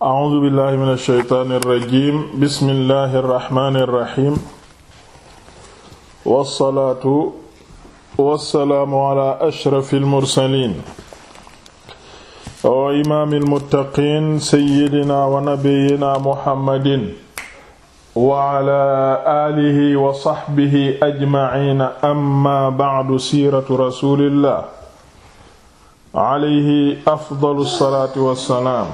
A'uuzu billaahi mina shaytaani rajiim bismillaahi rahmaani rahiim. Wassalaatu wassalaamu alaa ashrafil mursaliin. wa imaamil muttaqiin sayyidinaa wa nabiyyinaa Muhammadin. wa alaa aalihi wa sahbihi ajmaciin amma ba'du siiratu rasuulillaah. alayhi afdalu salaatu wa salaam.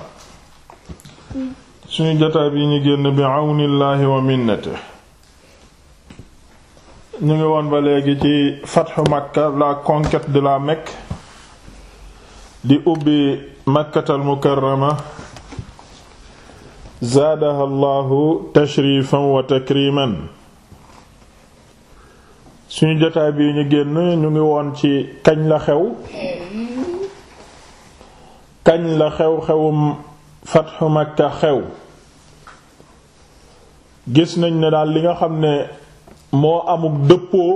suñu jotaay bi ñu génn bi àwnillaahi wa minnati ñu ngi woon ba léegi ci fatxu makka la conquête de la Mecque di ubbi makkatal mukarrama zaadaha allahu tashrifan wa takriman suñu jotaay bi ñu génn ñu ngi woon ci kañ la xew kañ la xew xewum fatxu makka xew gis nañ ne daal li nga xam ne moo amul dëppoo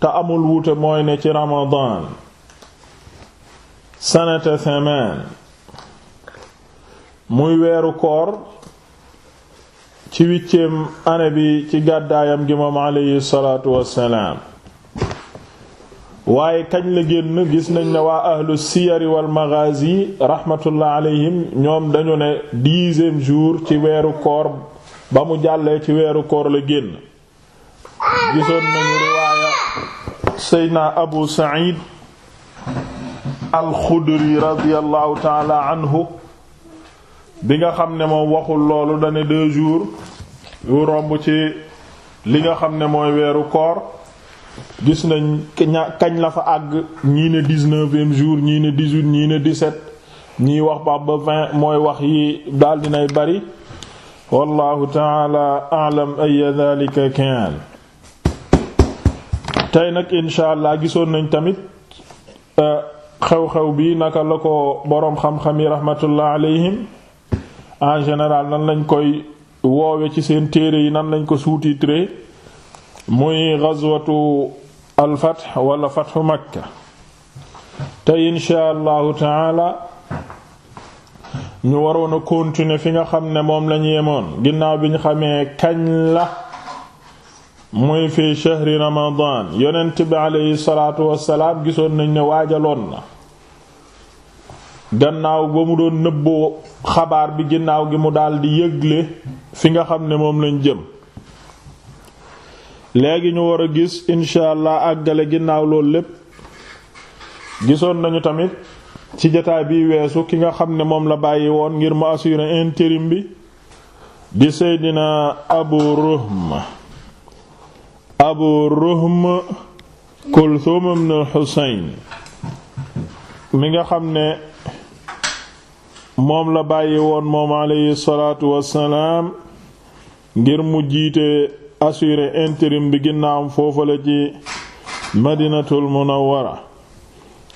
te amul wuute mooy ne ci ramadan sanata samaan muy weeru koor ci huitième année bi ci gàddaayam gi moom aleyhi salaatu wassalaam waaye kañ la génn gis nañ ne waa ahlu siyari wal maghazi rahmatullah alayhim ñoom dañu ne dixième jour ci weeru koor ba mu jàllee ci weeru koor la génn gisoon nañu riwaaya seydna abu sa'id alxudri radiyallahu taala anhu bi nga xam ne moom waxul loolu dane deux jours romb ci li nga xam ne mooy weeru koor gis nañ kañ la fa àgg ñii ne dix-neuvième jour ñii ne dix-huit ñii ne dix-sept ñii wax ba ba vingt mooy wax yi daal dinay bari wallahu taala alam ay dhalika kan tey nag insha allah gisoon nañ tamit euh, xew-xew bi naka la ko boroom xam-xam yi rahmatullah alayhim en général nan lañ koy woowe ci seen téere yi nan lañ ko suuti titré muy gazwatu alfath wala fathu makka te insha allahu taala ñu waroon a continuer fi nga xam ne moom lañu yemoon ginnaaw bi ñu xamee kañ la muy fi shahri ramadan yonent bi aleyhi salaatu wassalaam gisoon nañ ne waajaloon na gannaaw ba mu doon nëbboo xabaar bi ginnaaw gi mu daldi yëgle fi nga xam ne moom lañ jëm léegi ñu war a gis incha allah àggale ginnaaw loolu lépp gisoon nañu tamit ci jataay bi weesu ki nga xam ne moom la bàyyi woon ngir mu assurer intérim bi di seydina abu ruhm abu ruhm kulthum ibn husayn mi nga xam ne moom la bàyyi woon moom alayhi salaatu wassalaam ngir mu jiite assuré intérim bi ginnaawam foofu la ci madinatul munawwara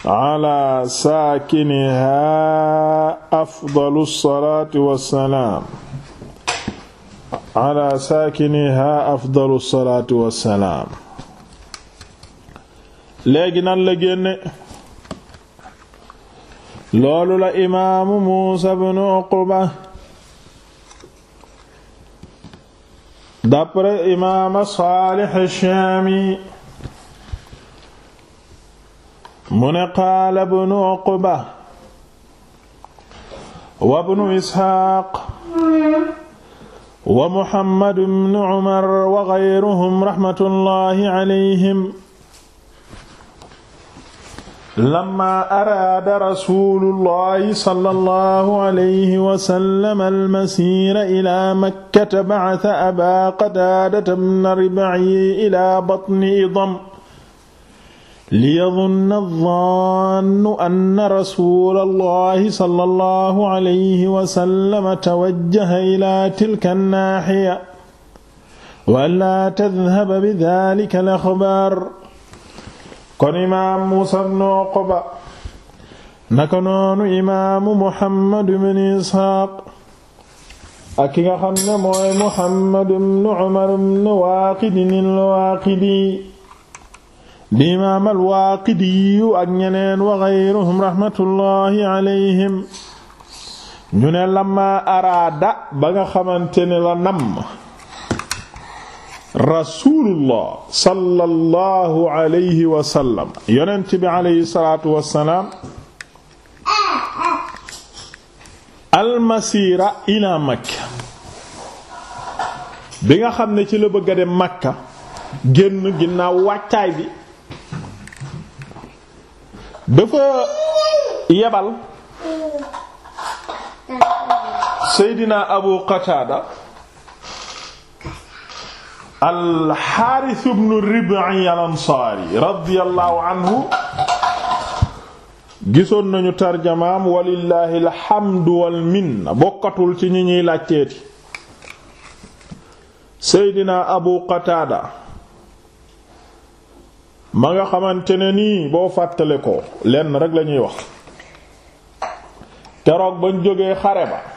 ala saakiniha la génne loolu imaamu Muusa ibn Uqba d'après imaam Saalih Shaami mu ne qaala ibnu Uqba wa ibnu Isxaaq wa Muhammad ibnu Umar wa ghayruhum raxmatullaahi alayhim lamma araada rasulullahi sallallahu alayhi wa sallam almasira ila makkata ba'atha aba qataadata bna rib'i ila batni idam liyadunna addannu anna rasulallahi sallallahu alayhi wa sallam tawajjaha ila tilka annaahiya wa laa tadhhaba bidhaalika al-axbaar kon imaam Muusaa ibn Uqba naka noonu imaamu Muhammad ibn Isxaaq ak ki nga xam ne mooy Muhammad ibn Umar ibn imaam al ak ñeneen wa ghayruhum rahmatullahi alayhim ñu ne lamma araada ba nga xamante ne la namm rasulullah sallallahu alayhi wa sallam yonent bi alayhi salaatu wa salaam ila makka bi nga xam ne ci la bëgg de dem makka génn ginnaaw wàccaay bi dafa yebal seydina abu qataada alxaaris bnu ribi al ansaari radiyallahu anhu gisoon nañu tarjamaam walillaahi alxamdu wal minna bokkatul ci ñu ñuy laajteeti seydina abu qataada ma nga xamante ne nii boo fàttale ko lenn rekk lañuy wax keroog bañ jógee xare ba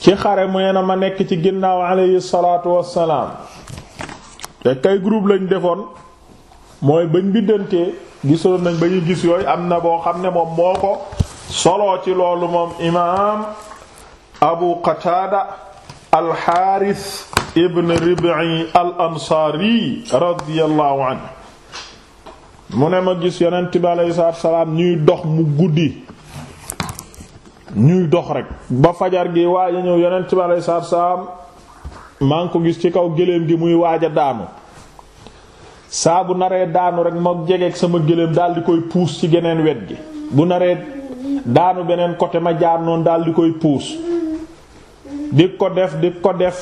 ci xare mee na ma nekk ci ginnaaw alayhi salaatu wassalaam te kay groupe lañ defoon mooy bañ biddantee gisoon nañ ba gis yooyu am na boo xam ne moom moo ko solo ci loolu moom imaam abu qataada alxaaris ibn ribi al ansaari radiyallahu mu ne ma gis yonent bi alayhi salaatu wassalaam ñuy dox mu guddi ñuy dox rek ba fajar gi waaye ñëw yonent bi aleyhi salaatu salaam maa ngi ko gis ci kaw gëléem gi muy waaj a daanu saa bu naree daanu rek ma jegeeg sama gëléem daal di koy puus ci geneen wet gi bu naree daanu beneen côté ma jaar noonu daal di koy puus di ko def di ko def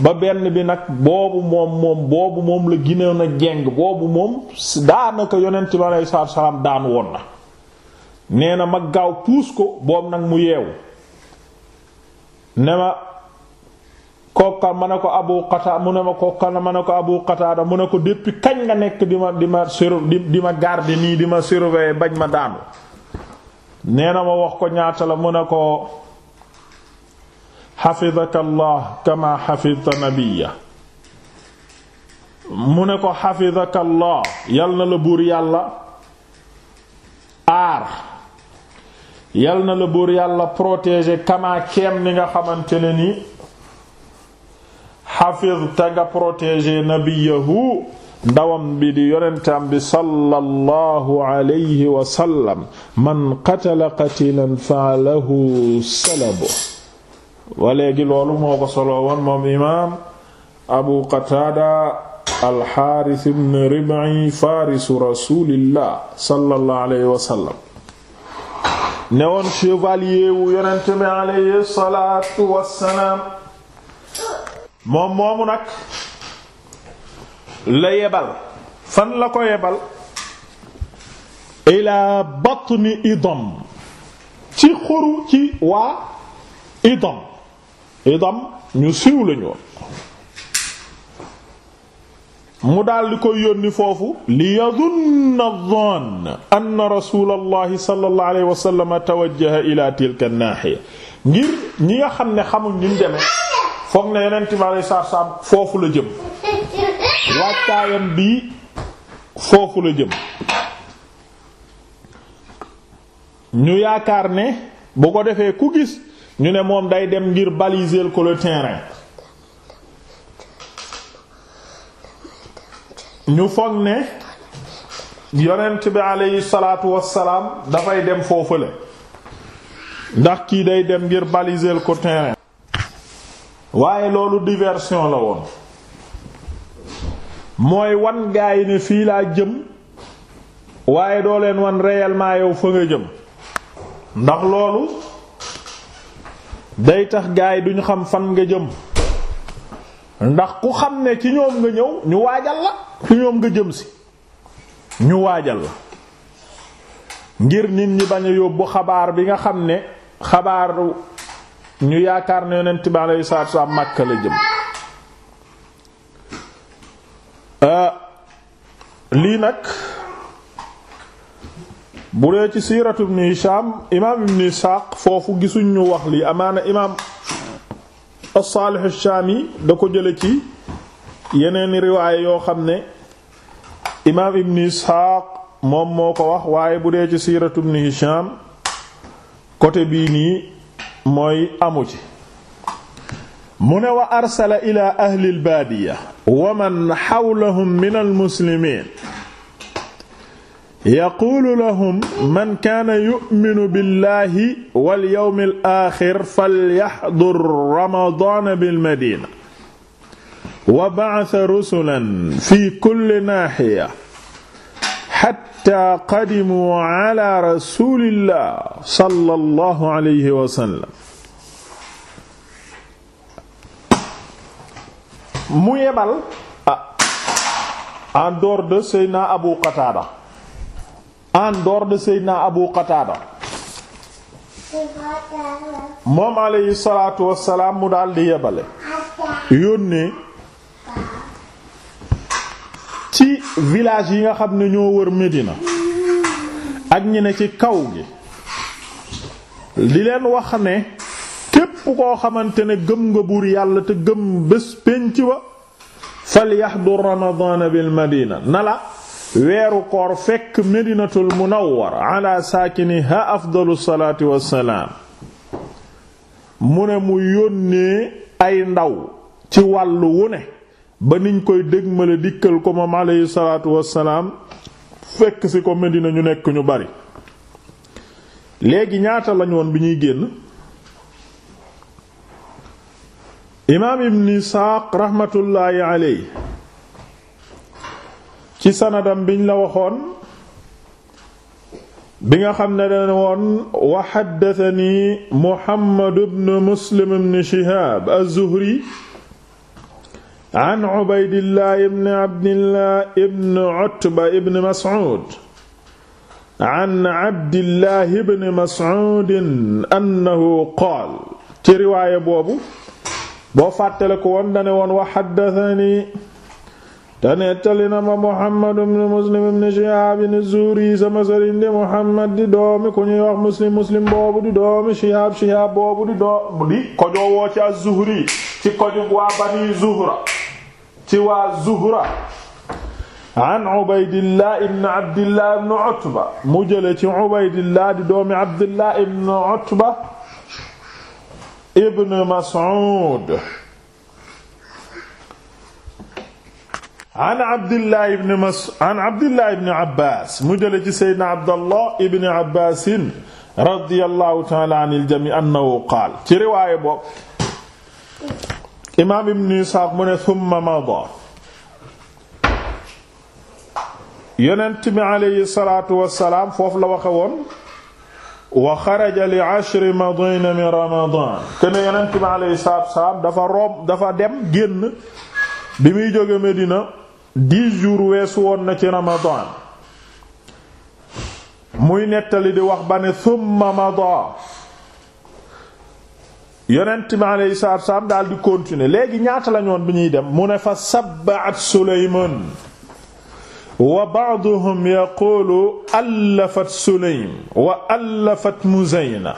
ba benn bi nag boobu moom moom boobu moom la gineew na jeng boobu moom daanaka yonent bi aleyhi salaatu salaam daan woon na nee na ma gaaw puus ko boobu nag mu yeewu ne ma kooka ma ne ko abu qatada mu ne ma ko abu qatada mu ne ko depuis kañ nga nekk di ma di ma sur di ma garder nii di ma surveiller bañ ma daanu nee na ma wax ko ñaata la mu ne ko xafidaka allah kama nabiya mu ne ko xafidaka allah yal na la buur yàlla aar yal na la buur yàlla protéger kamaa keem ni nga xamante ne ni xafiz ta nga protéger nabiyahu ndawam bi di yonentam bi sallallahu alayhi wa sallam man qatala qatilan fa lahu salabu wa léegi loolu solo woon moom imaam abu qatada alxaaris ibn rib'i farisu rasulillah sallallahu alayhi wa sallam ne woon chevalier wu yonent bi aleyhi salaatu wassalaam moom moomu nag la yebal fan la ko yebal ila batni idam ci xuru ci idam idam ñu siiw lañu mu daldi di koy yónni foofu li yadunna dhann anna rasulallahi sallallahu alayhi wa sallam ila tilka an ngir ñi nga xam ne xamul ni mu demee foog na yeneen tibaale sarsam foofu la jëm wàccaayam bii foofu la jëm ñu yaakaar ne bu ko defee ku gis ñu ne moom day dem ngir baliser ko le terrain ñu foog ne yonent bi aleyhi salaatu wassalaam dafay dem foofu la ndax kii day dem ngir baliser ko terrain waaye loolu diversion la woon mooy wan gaay ne fii laa jëm waaye doo leen wan réellement yow fa nga jëm ndax loolu day tax gaay duñu xam fan nga jëm ndax ku xam ne ci ñoom nga ñëw ñu waajal la ci ñoom nga jëm si ñu waajal la ngir nit ñi bañ a yóbbu xabaar bi nga xam ne xabaar ñu yaakaar ne yonent bi alayhi saa wassalaam Makka la jëm euh, lii nag bu dee ci siiratu ibn Hisham imaam ibn Isaaq foofu gisuñ ñu wax lii amaana imaam as-Salih ash-Shami da ko jële ci yeneeni riwaay yoo xam ne imaam ibn isxaaq moom moo ko wax waaye bu dee ci siiratu ibn hisham côté bii nii mooy amu ci mu ne wa arsala ila ahli albaadiya wa man xawlahum min almuslimiin yaquulu lahum man kaana yu'minu billahi walyawmi alaaxir falyaxdur ramadaana bilmadina wa ba'atha rusulan fi kl naahiya xatta qadimu ala rasulillah sallallahu alayhi wa sallam mu yebal ah, en dehors de Seydina Abu Qatada en dehors de Seydina Abu Qatada mu daal di yebale ci village yi nga xam ne ñoo wër Médina ak ñi ne ci kaw gi di leen wax ne képp koo xamante ne gëm nga buur yàlla te gëm bés pénc ba falyahdu ramadana bil madina na la weeru koor fekk medinatul munawwar ala saakiniha afdalu mu ne mu yónnee ay ndaw ci wàllu wu ne ba niñ koy dégmale dikkal ko moom aleyhi salaatu wassalaam fekk ci ko Medina ñu nekk ñu bari léegi ñaata lañ woon bi ñuy génn imaam ibn Isaaq raxmatullaahi aley ci sanadam biñ la waxoon bi nga xam ne dana woon wa xaddatani Muhammad ibn Muslim ibn Shihaab az an Ubaydillah ibn Abdillah ibn Utba ibn Mas'ud an Abdillah ibn Mas'ud annahu qaal ci riwaaya boobu boo fàttale ko woon dane woon wa haddathani te nettali na ma Muhammad ibn Muslim ibn Shihab az-Zuhri sama sëriñ di Muhammad di doomi ku ñuy wax Muslim Muslim boobu di doomi Shihab Shihab boobu di doomi di ko joowoo ci az-Zuhri ci koju waa Bani Zuhra ci waa Zuhra an Ubaydillah ibn Abdillah ibn Utba mu jële ci Ubaydillah di doomi Abdillah ibn Utba ibn Mas'ud an Abdillah ibn Mas an Abdillah ibn Abbas mu jële ci Seydina Abdallah ibn Abbas radiyallahu ta'ala anil jami' annahu qaala ci riwaaya boobu imaam ibn Isaaq mu ne thumma mada yonent bi aleyhi salaatu wassalaam foofu la waxe woon wa xaraja li ashri madina min ramadan kene yonent bi aleyhi salaatu wassalaam dafa room dafa dem génn bi muy jóge Medina dix jours weesu woon na ci ramadan muy nettali di wax ba ne thumma mada yonent bi alayhi salaatu salaam daal di continuer léegi ñaata la ñoon bi ñuy dem mu ne fa sabbaat Sulaymaan wa ba'duhum yaqulu allafat Sulaym wa allafat Muzayna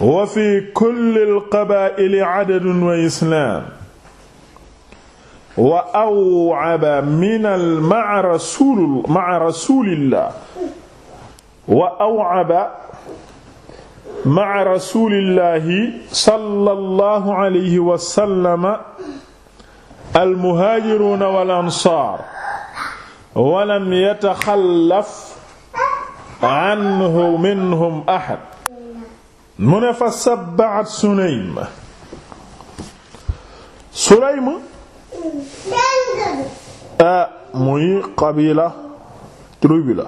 wa fi kulli al ma'a rasulillahi sallallahu alayhi wa sallam almuhaajiruuna wal ansaar wa lam yataxallaf anhu minhum ahad mu ne fa sabba'at Sulaym Sulaym muy qabila tribu la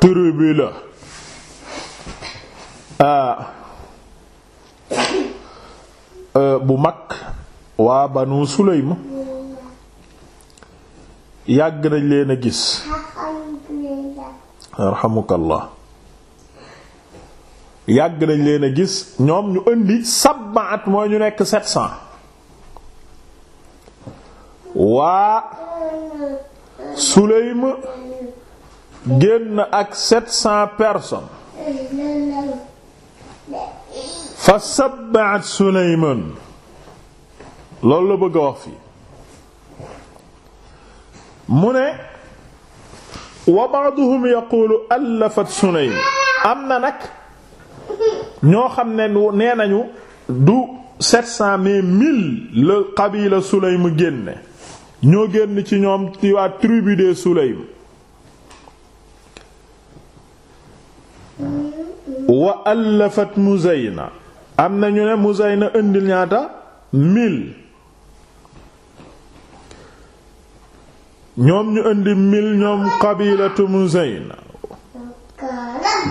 tribu la Ah. Ah, bu mag waa banu sulaym yàgg nañ leen a gis arhamukallah yàgg nañ leen a gis ñoom ñu indi sab'at mooy ñu nekk sept cent waa Sulaym génn ak sept cent personnes fa sabbaat Sulaymaan loolu la bëgg a wax fii mu ne wa ba'duhum yaqulu allafat Sulaymaan am na nag ñoo xam ne nee nañu du sept cent mais mille la qabila Sulaym génne ñoo génn ci ñoom ci waa tribu des Sulaym wa allafat muzayna am na ñu ne muzayna indil ñaata mille ñoom ñu indi mil ñoom qabilatu muzayna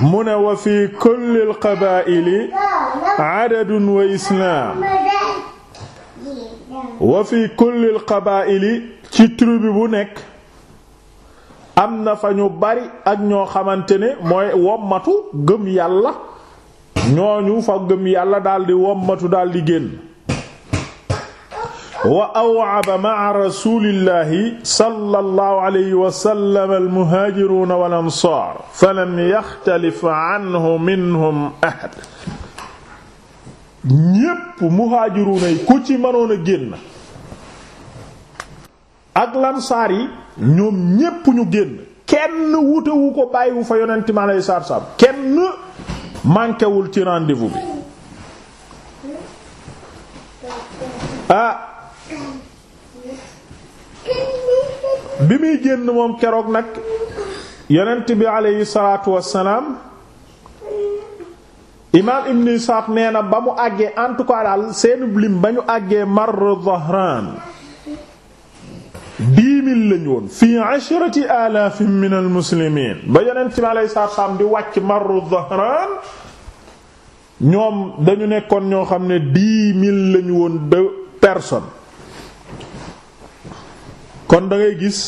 mu ne wa fi kulli alqabaa'ili adadun wa islaam wa fi kulli alqabaa'ili ci tribu bu nekk am na fa ñu bari ak ñoo xamante ne mooy wommatu gëm yàlla ñooñu fa gëm yàlla daldi wommatu daldi génn wa aw'aba ma'a rasulillahi sallallahu alayhi wa sallam al-muhajiruna wal ansar falam yaxtalif anhu minhum ahad ñépp muhajiruna yi ku ci mënoon génn ak lansaar yi ñoom ñépp ñu génn kenn wutewu ko bàyyiwu fa yonent mi alayhi salaatu salaam kenn manquéwul ci rendez bi ah bi muy génn moom keroog nag yonent bi alayhi salaatu wassalaam imaam ibn Isaaq nee na ba mu àggee en tout cas daal ba ñu àggee Marr Dhahraan dix mille lañ woon fi ashrati alaafin min almuslimiin ba yonent mi alayhi salaatu salaam di wàcc marru dhahraan ñoom dañu nekkoon ñoo xam ne dix mille lañ woon de personnes kon da ngay gis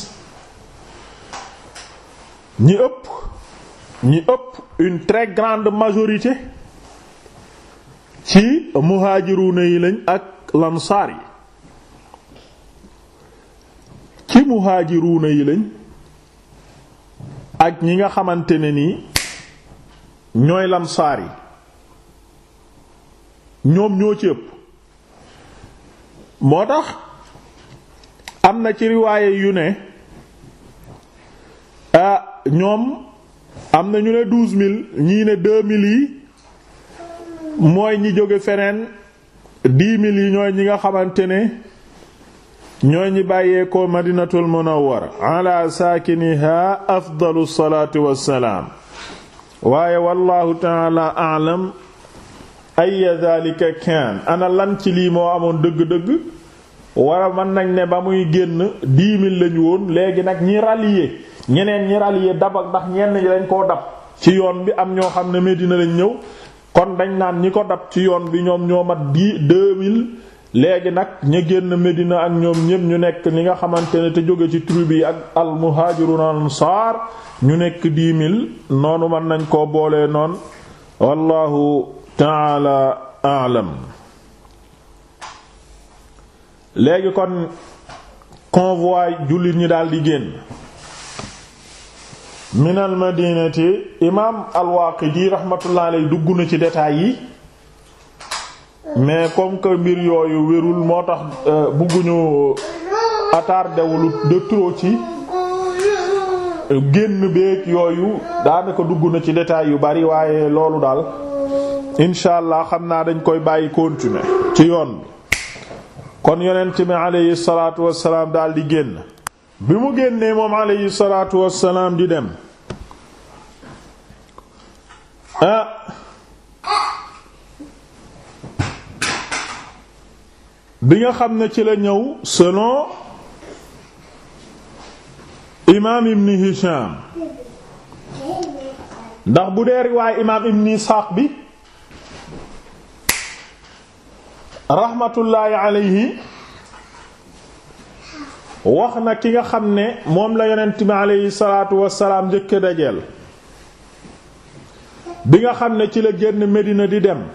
ñi ëpp ñi ëpp une très grande majorité ci muhajiruna yi lañ ak lansaar yi ci muhaajiruuna yi lañ ak ñi nga xamante ne nii ñooy lansaar yi ñoom ñoo ci moo tax am na ci riwaaye yu ne ah ñoom am na ñu ne douze mille ñii ne deux mille yi mooy ñi jóge feneen dix mille yi ñooy ñi nga xamante ne ñoo ñi bàyyeekoo madinatul munawwara ala saakiniha afdalu salaatu wassalaam waaye wallahu taala alam ay dhalika kaan ana lan ci lii moo amoon dëgg-dëgg wala mën nañ ne ba muy génn dix mille lañu woon léegi nag ñi rallié ñeneen ñi rallié dab ndax ñenn ñi dañ koo dab ci yoon bi am ñoo xam ne Medina lañ ñëw kon dañ naan ñi ko dab ci yoon bi ñoom ñoo mat dix deux mille léegi nag ña génn Medina ak ñoom ñépp ñu nekk li nga xamante ne te jóge ci tribu yi ak al muhajirun ansaar ñu nekk dix mille noonu mën nañ koo boole noonu wallahu taala alam léegi kon convoi jullit ñi daal di génn min al madinati imaam al Waaqidi rahmatullahi dugg na ci détails yi mais comme que mbir yooyu wérul moo tax euh, bëgguñu attardé wul de trop ci génn beeg yooyu daanaka dugg na ci détail yu bari waaye loolu daal incha allah xam naa dañ koy bàyyi continuer ci yoon bi kon yonent bi aleyhi salaatu wassalaam daal di génn bi mu génnee moom aleyhi salaatu wassalaam di dem ah, bi nga xam ne ci la ñëw selon imaam ibn Hisham ndax bu dee riwaay imaam ibn Ishaq bi raxmatullaahi alayhi wax na ki nga xam ne moom la yonent bi alayhi salaatu wassalaam njëkk dajeel bi nga xam ne ci la génn Medina di dem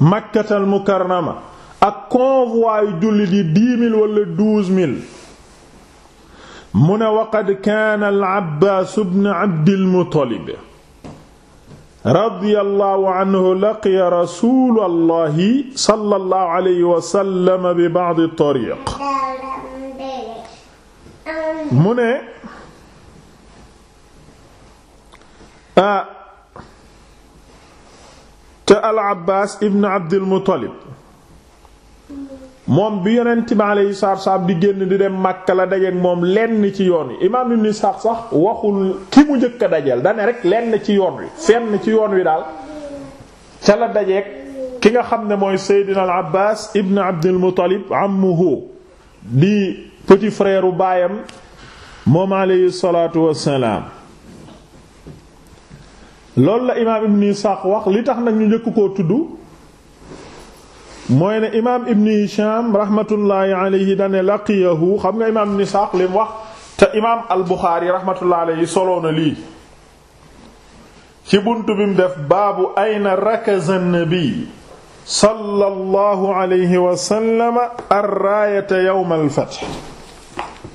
Makkatal Mukarrama ak convoi yu jullit yi dix mille wala douze mille mu ne waqad kaana al abbaas ibn abdil muttalib radiyallahu anhu laqiya rasuulallahi sallallahu alayhi wa sallam bi ba'di tariiq mu ne ah te al abbaas ibn abdil muttalib moom bi yonent bi alayhi salaatu salaam di génn di dem màkk la dajeek moom lenn ci yoon wi imaam Ibn Ishaq sax waxul ki mu njëkk a dajeel dane rek lenn ci yoon wi fenn ci yoon wi daal ca la dajeek ki nga xam ne mooy Seydina al Abbaas ibn Abdul Muttalib ammuhu di petit frère u baayam moom alayhi salaatu loolu la imaam Ibn Ishaq wax li tax nag ñu njëkk koo tudd mooy ne imaam Ibn Hisham rahmatullahi alayhi dane laqiyahu xam nga imaam Ibn Isaaq lim wax te imaam al rahmatullahi alayhi soloo na lii ci buntu bi def baabu ayna rakaza nabi sallallahu alayhi wa sallam ar-raayata yawm al-fath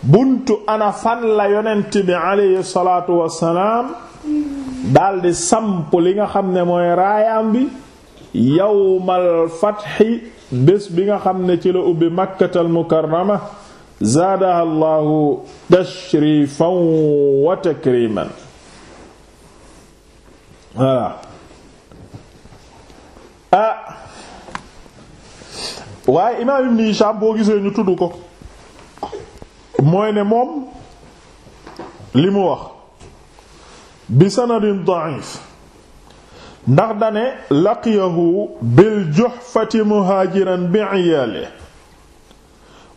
buntu ana fan la bi alayhi salaatu wa salaam daldi samp li nga xam ne mooy raayaam bi. yawmal fatxi bés bi nga xam ne ci la ubbi makkatal mukarrama zaadaha allahu tashrifan wa takriman voilà ah waaye imaam ibn Hishaam boo gisee ñu tudd ko mooy ne moom li mu wax bi sanadin da'if ndax dane laqiyahu bil juhfati muhaajiran bi iyaale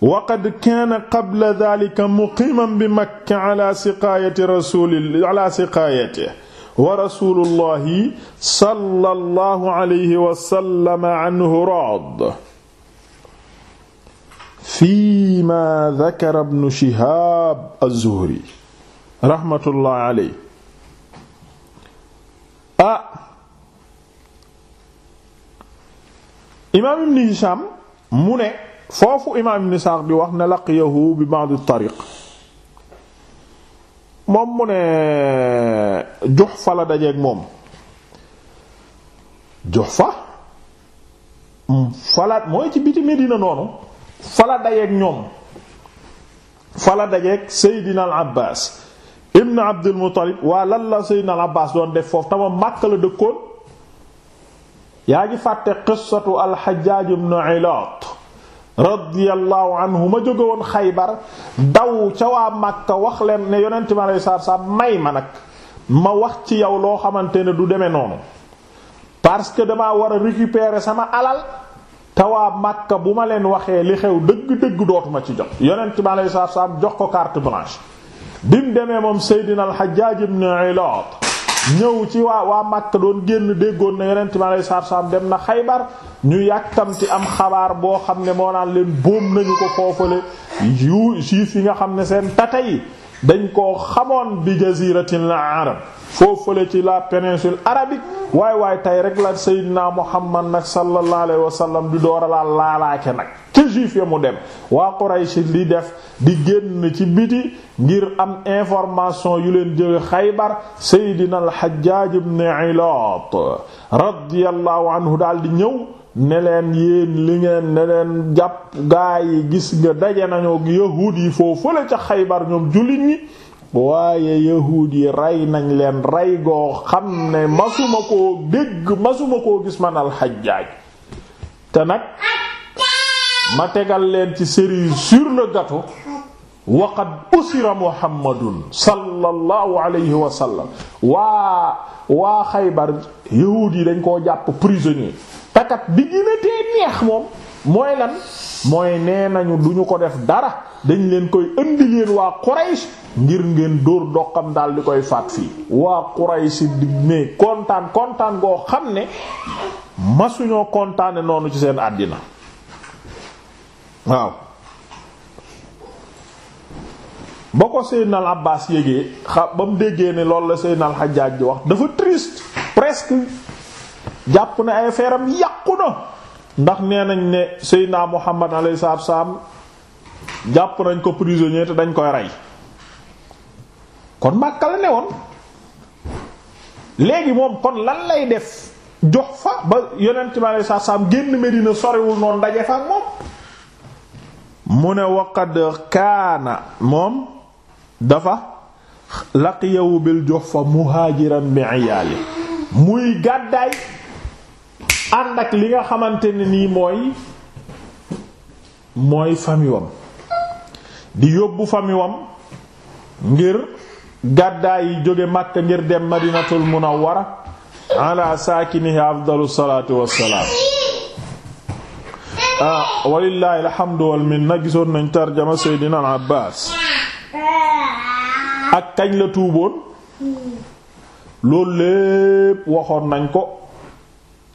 wa qad kaana qabla dhalika muqiman bi makka ala siqaayati rasuli ala siqaayati wa rasulullahi sallallahu alayhi wa sallam anhu raad fi ma dhakara ibnu shihaab az-zuhri rahmatullahi alayhi ah, imaam ibn Hisham mu ne foofu imaam ibn Sa'd bi wax ne laqiyahu bi ba'd at-tariq moom mu ne Juhfa la dajeek moom Juhfa mm, fala mooy ci biti Medina noonu fala dajeek ñoom fala dajeek Seydina al-Abbaas ibn Abdul Muttalib waa lan la Seydina al-Abbaas doon def foofu tama Makka la dëkkoon yaa ngi fàtte qissatu alxajjaaj ibn ilaat radiyallahu anhu ma jóge woon xaybar daw ca waa wax leen ne yonent mi aleyhi salaatu salaam may ma nag ma wax ci yow loo xamante ne du demee noonu parce que dama war a récupérer sama alal te waa bu ma leen waxee li xew dëgg-dëgg dootuma ci jox yonent mi aleyhi salaatu salaam jox ko carte blanche bi demee moom seydina alxajjaaj ibn ilaat ñëw ci waa waa Makka doon génn déggoon na yonent mi alayhi salaatu salaam dem na Xaybar ñu yàkkamti am xabaar boo xam ne moo naan leen boom nañu ko foofale yu juif yi nga xam ne seen tata yi dañ ko xamoon bi jaziratil arab foofale ci la péninsule arabique waay waaye tey rek la Seydina Muhammad nag sallallahu alayhi wa sallam di door a laalaake nag ca juif ya mu dem waa Quraysh li def di génn ci biti ngir am information yu leen jële Xaybar Seydina al-Hajjaj ibn Ilaat radiyallahu anhu daal di ñëw ne leen yéen li ngeen ne leen jàpp gaa yi gis nga daje nañoo yahuud yi foofu la ca xaybar ñoom jullit ñi waaye yahuud yi rey nañ leen rey goo xam ne masuma koo dégg masuma koo gis man alxajaaj te nag ma tegal leen ci cerise sur le gâteau waqad usira muhammadun sallallahu alayhi wa waa waa xaybar yahuud yi dañ koo jàpp prisonnier takat bi gën a neex moom mooy lan mooy nee nañu duñu ko def dara dañ leen koy indi leen waa Quraysh ngir ngeen dóor doqam daal di koy faat fii waa Quraysh di ne kontaan kontaan goo xam ne masuñoo kontaane noonu ci seen àddina waaw ba ko Seydina al Abbaas yégee xa ba mu déggee ne loolu la Seydina al Hajjaaj wax dafa triste presque jàpp na ay feeram yàqu ndax nee nañ ne Seydina Muhammad alayhi salaatu wasallam jàpp nañ ko prisonnier te dañ koy rey kon Makka ne woon léegi moom kon lan lay def jox fa ba yonent bi alayhi salaatu wasallam génn Medina sorewul noonu daje fa ak moom mu ne waqad kaana moom dafa laqiyawu bil jox fa muhaajiran bi iyaali muy gàddaay ànd ak li nga xamante ne nii mooy mooy famiwam di yóbbu famiwam ngir gàddaa yi jóge Makka ngir dem Madinatul Munawwara ala saakinihi afdalu salaatu wassalaam ah, walillaahi alhamdu wal minna gisoon nañ tarjama Seydina al Abbaas ak kañ la tuuboon loolu lépp waxoon nañ ko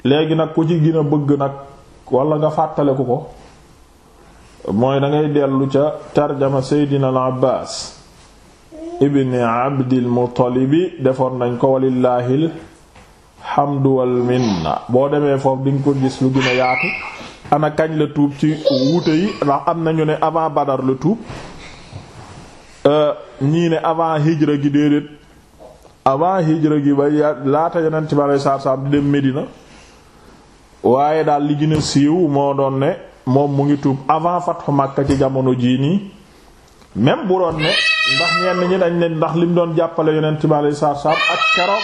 léegi nag ku ci gën bëgg nag walla nga fàttaleku ko mooy dangay dellu ca tarjama seydina al abbas ibni abdil muttalibi defoon nañ ko walillaahil hamdu wal minna boo demee foofu dinga ko gis lu gën a yaatu ana kañ la tuub ci wuute yi ndax am nañu ne avant badar la tuub euh, ñii ne avant hijra gi déedéet avant hijra gi ba laata yonent bi aleyhi salaatu salaam di dem Medina waaye daal li gën siiw moo doon ne moom mu ngi tuub avant fatxu Makka ci jamono jii nii même bu doon ne ndax ñenn ñi dañ ne ndax lim doon jàppale yonent bi alayhi salaatu salaam ak keroog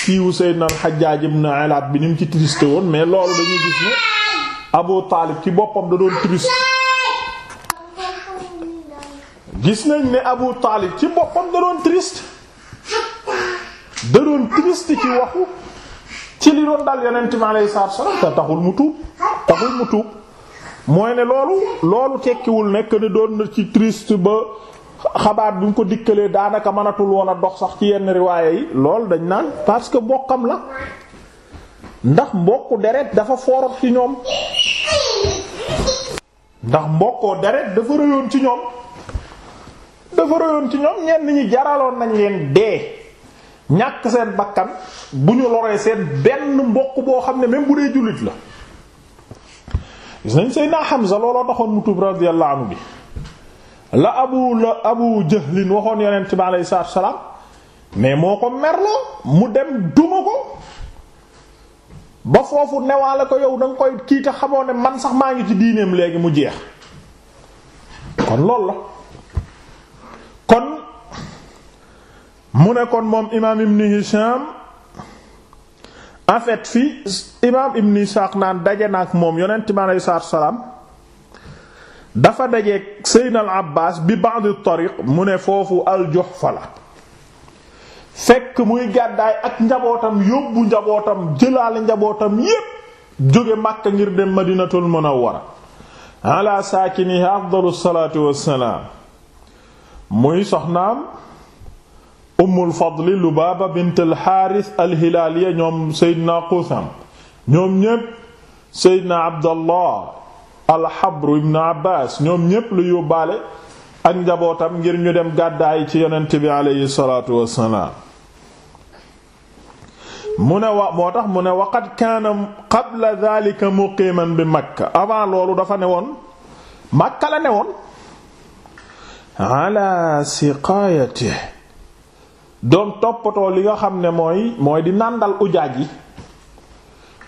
siiwu Sayyidina Al-Hajjaj ibn Ilaat bi ni mu ci triste woon mais loolu dañuy gis ne Abu Taalib ci boppam da doon triste gis nañ ne Abu Taalib ci boppam da doon triste da doon triste ci waxu ci li doon dal yonent mi alayhi salaatu wa salaam taxul mu tuub taxul mu tuub mooy ne loolu loolu tekkiwul nekk ne doon na ci triste ba xabaar bi mu ko dikkalee daanaka mënatul woon a dox sax ci yenn riwaaya yi lool dañ naan parce que mbokkam la ndax mbokku deret dafa fooroon ci ñoom ndax mbokkoo deret dafa rëyoon ci ñoom dafa rëyoon ci ñoom ñenn ñi jaraloon nañ leen dee ñàkk seen bakkan bu ñu loree seen benn mbokk boo xam ne même bu dee jullit la gis xam Seydina Hamza looloo taxoon mu tuub radiyallahu anhu bi la abu la abu jahlin waxoon yonent bi alayhi salaatu salaam mais moo ko merloo mu dem duma ko ba foofu newaale ko yow da nga koy kii te xamoo ne man sax maa ngi ci diineem léegi mu jeex kon loolu la kon mu ne kon moom imaam ibn Hisham en fait fii imaam ibn Isaaq naan daje naag moom yonent mi aleyhi salaatu salaam dafa daje Seydina al Abbaas bi ba'd at mu ne foofu al-Juhfa la fekk muy gàddaay ak njabootam yóbbu njabootam jëlaale njabootam yépp jóge Makka ngir dem Madinatul Munawwara ala saakinihaa afdalu salaatu wassalaam muy soxnaam ummul fadli lubaaba bint alxaaris alhilaaliya ñoom seydna qusam ñoom ñépp seydna abdallah alxabru ibn abbas ñoom ñépp lu yóbbaale ak njabootam ngir ñu dem gàddaay ci yonent bi aleyhi salaatu wassalaam mu ne wa moo tax mu ne waqad kaana qabla dhalika muqiman bi makka avant loolu dafa ne woon makka la ne woon ala siqaayatihi doon toppatoo li nga xam ne mooy mooy di nàndal ujaaj yi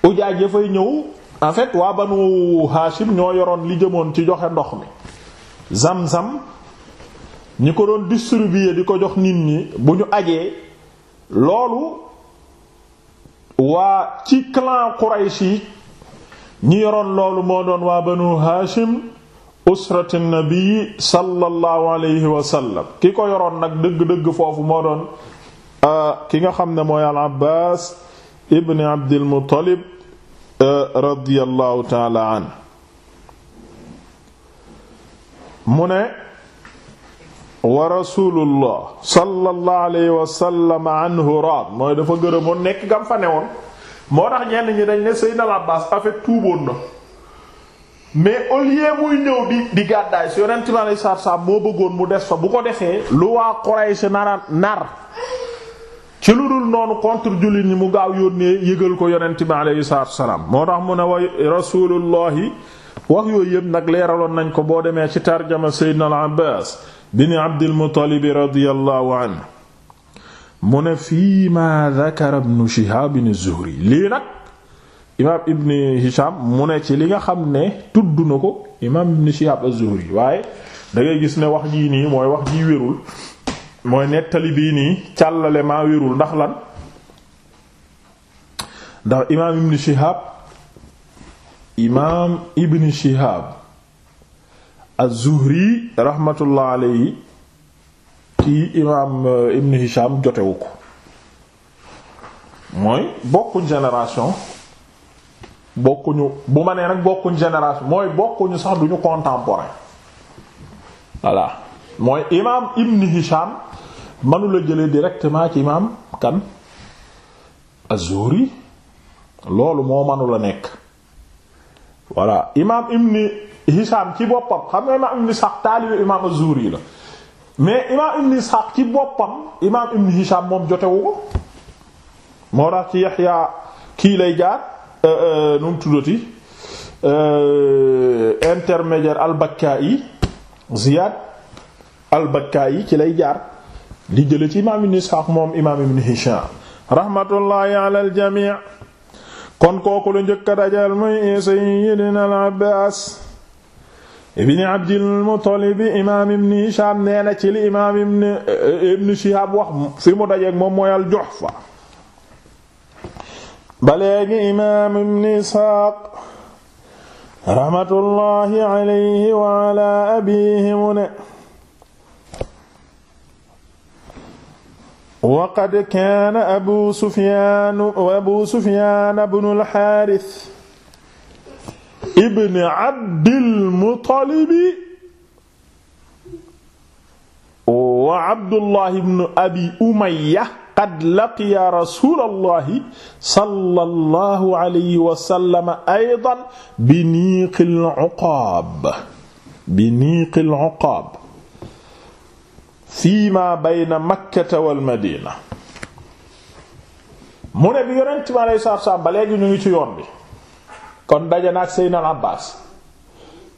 ujaaj ya fay ñëw en fait waa banu Hashim ñoo yoroon li jëmoon ci joxe ndox mi zam-zam ñi ko doon distribuer di ko jox nit ñi bu ñu ajee loolu waa ci clan Quraysh yi ñi yoroon loolu moo doon waa banu Hashim usrati nabii sallallahu alayhi wa sallam ki ko yoroon nag dëgg-dëgg foofu moo doon ki nga xam ne mooy al abbas ibni abdil muttalib radiyallahu taala an mu ne wa rasulullah sallallahu alayhi wa sallam raad mooy dafa gërëmoon nekk gam fa newoon moo tax ñenn ñi dañ ne sayyidina al abbas afet tuuboon na mais au lieu muy ñëw di di gàddaay si yonent bi alayhi salaatu salaam moo bëggoon mu des fa bu ko defee lu waa Quraysh nara nar ci lu dul noonu contre jullit ñi mu gaaw yónnee yëgal ko yonent bi alayhi salaatu salaam moo tax mu ne way rasulullahi wax yooyu yëpp nag leeraloon nañ ko boo demee ci tarjama Seydina al-Abbaas bin Abdil Muttalib radiyallahu mu ne fii ma dhakara ibn Shihab az-Zuhri lii nag imaam ibni Hisham mu ne ci li nga xam ne tudd na ko imaam ibni Shihab az waaye dangay gis ne wax jii nii mooy wax jii wérul mooy nettali bii nii càllale maa wérul ndax lan ndax imaam ibni Shihab imaam ibni Shihab az-Zuhri rahmatullah alayhi imaam ibni Hisham jotewu ko mooy bokku génération bokkuñu bu ma nee nag bokkuñ génération mooy bokkuñu sax duñu contemporain voilà mooy imaam Ibn Hisham mënula jële directement ci imaam kan Az-Zuhri loolu moo mënula nekk voilà imaam Ibn Hisham ci boppam xam nga imaam Ibn Ishaq taalibe imaam la mais imaam Ibn Ishaq ci boppam imaam Ibn Hisham moom jotewu ko moo tax ci Yahya kii lay jaar Euh, euh, nu mu tuddati euh, al-Bakka'i Ziyad al-Bakka'i ci lay jaar di jële ci imaam Ibn Ishaq moom imaam Ibn Hisham rahmatullahi ala al kon kooku la njëkk a muy sayyidina al-Abbas ibn Abdil Muttalib imaam Ibn Hisham nee ci li imaam Ibn Shihab wax fi mu dajeek moom mooy al-Juhfa ba léegi imaam ibn Isxaaq raxmatullaahi alayhi wa ala abiihi mu ne waqad kaana abu Sufyaan abu Sufyaan ibnu al-Haaris ibn Abdil Muttalibi wa Abdullahi ibn Abi Umayya qad laqiya rasulallahi sallallahu alayhi wa sallam aydan bi niiqil uqaab bi niiqil uqaab fiima bayna makkata wal madina mu ne bi yonent mi alayhi salaatu salaam ba léegi ñu ngi ci yoon bi kon daje na ak Seydina Abbaas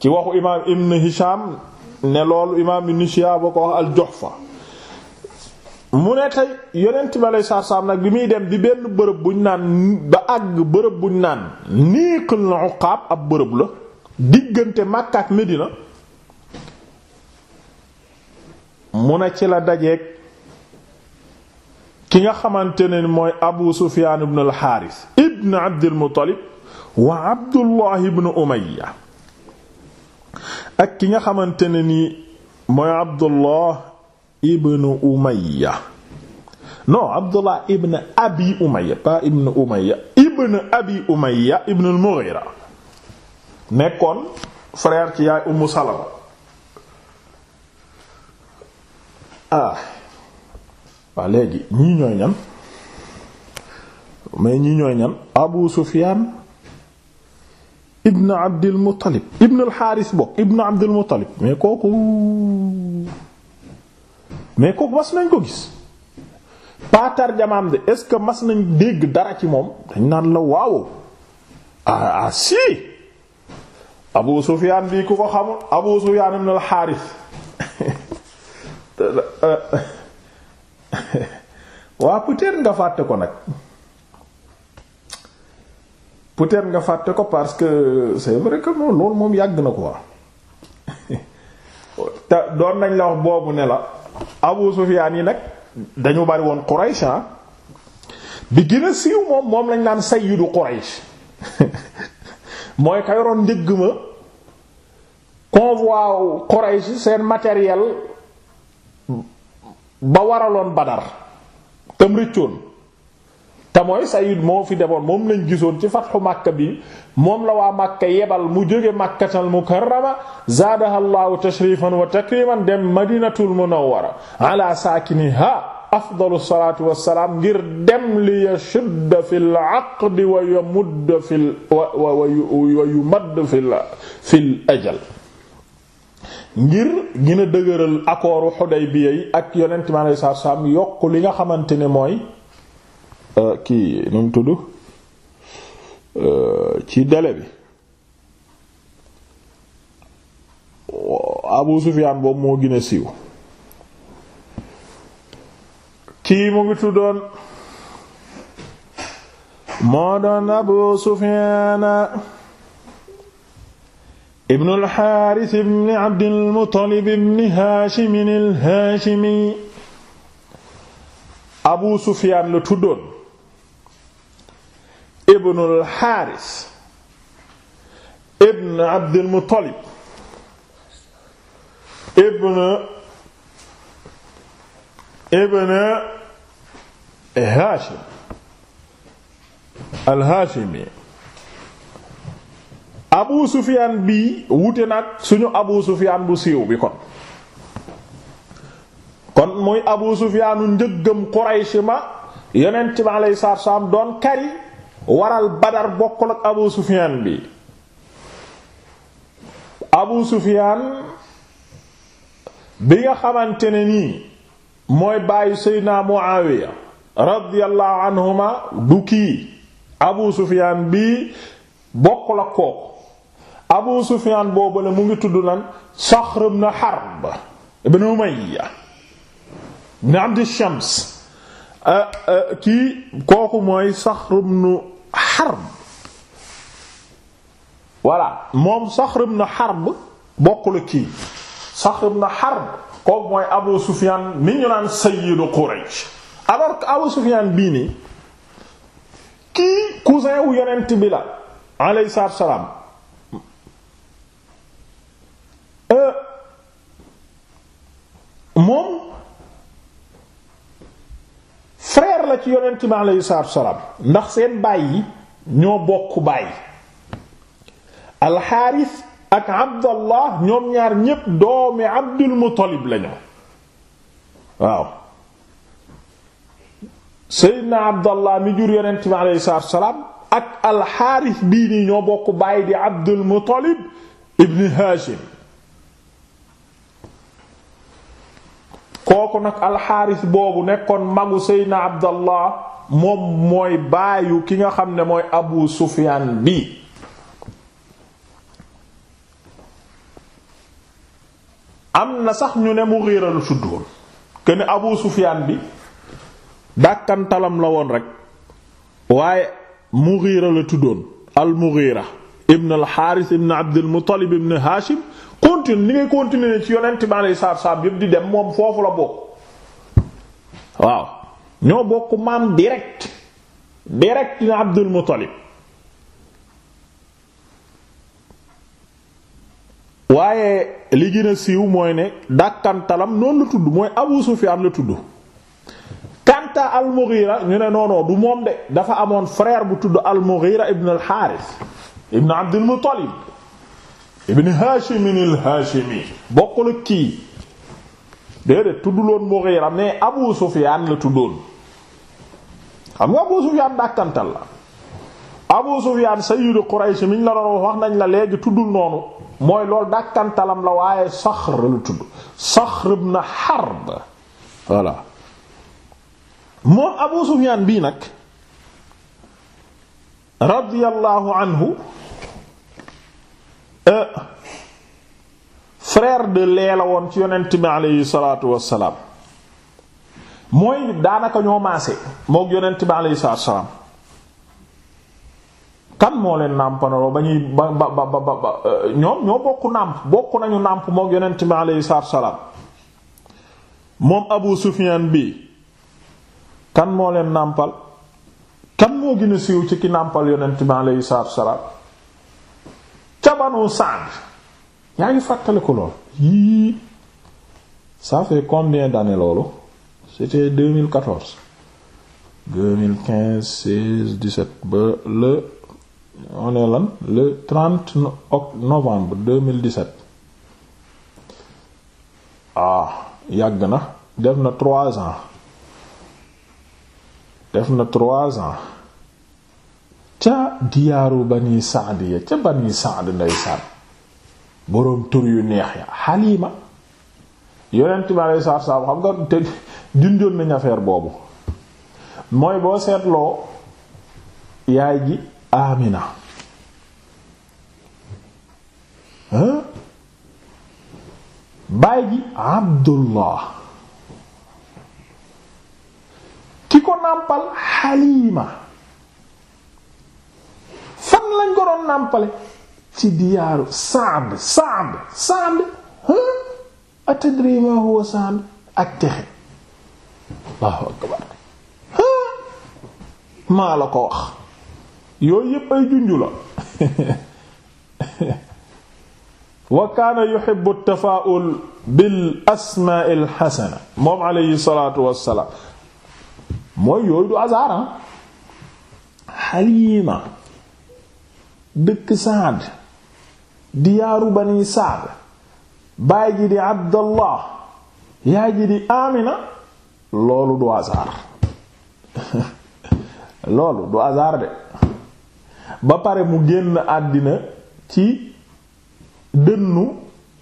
ci waxu imaam Ibn Hisham ne loolu imaam Ibn Shihab ko wax al-Juhfa mu ne tey yonent bi alayhi salaam nag bi muy dem di benn bërëb buñ naan ba àgg bërëb buñ naan Niqul Uqab ab bërëb la diggante Makka ak Medina mu ne ci la dajeeg ki nga xamante ne mooy Abu Sufyaan ibn al-Haaris ibn Abdul Muttalib wa Abdullah ibn Umayya ak ki nga xamante ne ni mooy Abdullah ibn Umayya non Abdullah ibn Abi Umayya pas ibn Umayya ibn Abi Umayya ibn al nekkoon frère ci yaay Ummu Salama ah waa léegi ñii ñooy ñan mais ñii ñooy ñan Abu Sufyan ibn Abdul Muttalib ibn Abdul Muttalib mais kooku mais kooku mas nañ ko gis pas tarjamaam de est-ce que mas nañ dégg dara ci moom dañ naan la waaw ah, ah si Abu Sufyaan bii ku ko xamul Abu Sufyaan ibn al-Haaris eh, eh. waa peut nga fàtte ko nag peut-être nga fàtte ko parce que c'est vrai que non loolu moom yàgg na quoi te doon nañ la wax boobu ne la Abu Sufyaan yi nag dañu bari woon Quraysh ah. bi gën a siiw moom moom lañ naan sayyidu Quraysh mooy ka yoroon njëgg ma convoi Quraysh seen matériel ba waraloon Badar tam rëccoon te mooy sayid moo fi demoon moom lañ gisoon ci fatxu Makka bi moom la waa Makka yebal mu jóge Makkatal Mukarrama zaadahallahu tashrifan wa takriman dem Madinatul Munawwara ala saakiniha afdalu salaatu wassalaam ngir dem li yashud fi l wa yamudd fi wa ngir gën a dëgëral accordu Hudaybiya ak yonent mi yokk li nga xamante ne mooy Euh, kii nu tudd euh, ci délai bi Abu Sufyaan boobu moo gën a siiw kii mu ngi tuddoon moo doon Abu Sufyaan Abu Sufyaan la tuddoon ibnul xaaris ibn abdul muttalib ibn ibn haashim al haashimi abu sufiyaan bii wute nag suñu abu sufiyaan bu siiw bi kon kon muy abu sufiyaanu njëggam qurayshi ma yonent bi alayhi salaam doon kari waral Badar bokkul ak Abu Sufyaan bi Abu Sufyaan bi nga xamante ne nii mooy bàyyi Seydina Muawiya radiyallahu anhuma du kii Abu Sufyaan bi bokkul ak kooku Abu Sufyaan boobu la mu ngi tudd lan Saxr ibn Harb ibn Umayya ibn Abd Shams ah, ah, kii kooku mooy Saxr Harb voilà moom Saxr ibn Harb bokkul kii Saxr ibn Harb kooku mooy Abu Sufyan ni ñu naan sayyidu Quraysh alors que Abu Sufyan bii nii kii cousin wu yonent bi la alayhi salaam euh, moom frère la ci yonent mi aleyhi salaatu salaam ndax seen baay yi ñoo bokk baay alxaaris ak abdallah ñoom ñaar ñépp doomi abdul lañu waaw seydina abdallah mi jur yonent mi aleyhi salaatu salaam ak alxaaris bii nii ñoo bokk baay di abdul muttalib ibn haashim kooku nag alxaaris boobu nekkoon magu seydna abdallah moom mooy baayu ki nga xam ne mooy abu sufyaan bi am na sax ñu ne Mughira la tuddoon kën abu sufyaan bi dàkkantalam la woon rek waaye Mughira la tuddoon al Mughira ibn al xaaris ibn abdul muttalib ibn haashim continue li ngay continuer ci yonent bi alayhi salaatu yëpp di dem moom foofu la bokk waaw ñoo bokk maam direct direct na Abdul Muttalib waaye li gën a siiw mooy ne dàkkantalam noonu la tudd mooy Abu Sufyaan la tudd kanta al-Mughira ñu ne noonoo du moom de dafa amoon frère bu tudd al-Mughira ibn al-Haaris ibn Abdul Muttalib ibn Haashimin al-Haashimi bokkul ak kii déedéet tudduloon Mughira mais Abu Sufyaan la tuddoon xam nga Abu Sufyaan dàkkantal la Abu Sufyaan sayyidu Quraysh miñ la doon wax nañ la léegi tuddul noonu mooy loolu dàkkantalam la waaye Saxr la tudd Saxr ibn Harb voilà moom Abu Sufyaan bii nag radiyallahu anhu Euh, frère de lait la woon ci yonent bi aleyhi salaatu wassalaam mooy daanaka ñoo maase mook yonent bi aleyhi salaatu wassalaam kan moo leen nàmpanaloo ba ñuy ba ba ba ba euh, ñoom ñoo bokk nàmp bokk nañu nàmp mook yonent bi aleyhi salaatu wassalaam moom Abu Sufyaan bi kan moo leen nàmpal kan moo gën a siiw ci ki nàmpal yonent bi aleyhi salaatu wassalaam ca banu Saad yaa ngi fàttale ko lool yii ça fait combien d'années loolu c'était 2014 2015 16 17 ba le on est lan le 30 novembre 2017 ah yàgg na def na trois ans def na trois ans ca diyaaru bani saad ya ca bani saad ndeysaan boroom tur yu neex ya xalima yonent bi alei saatu salaam xam nga te junjoon nañ affaire boobu mooy boo seetloo yaay ji amina baay ji abdullah ki ko nàmpal xalima lañ ko doon nàmpale ci diyaaru Saad Saad ma huwa Saad ak texe Allahu akbar maa la ko wax yooyu yépp wa kaana yuhibbu at-tafaa'ul bil asmaa'il hasana moom mooy yooyu du hasard ah. Halima dëkk Saad diyaaru bani Saad baay ji di Abdallah yaay ji di Amina loolu du hasard loolu du hasard de ba pare mu génn àddina ci dënnu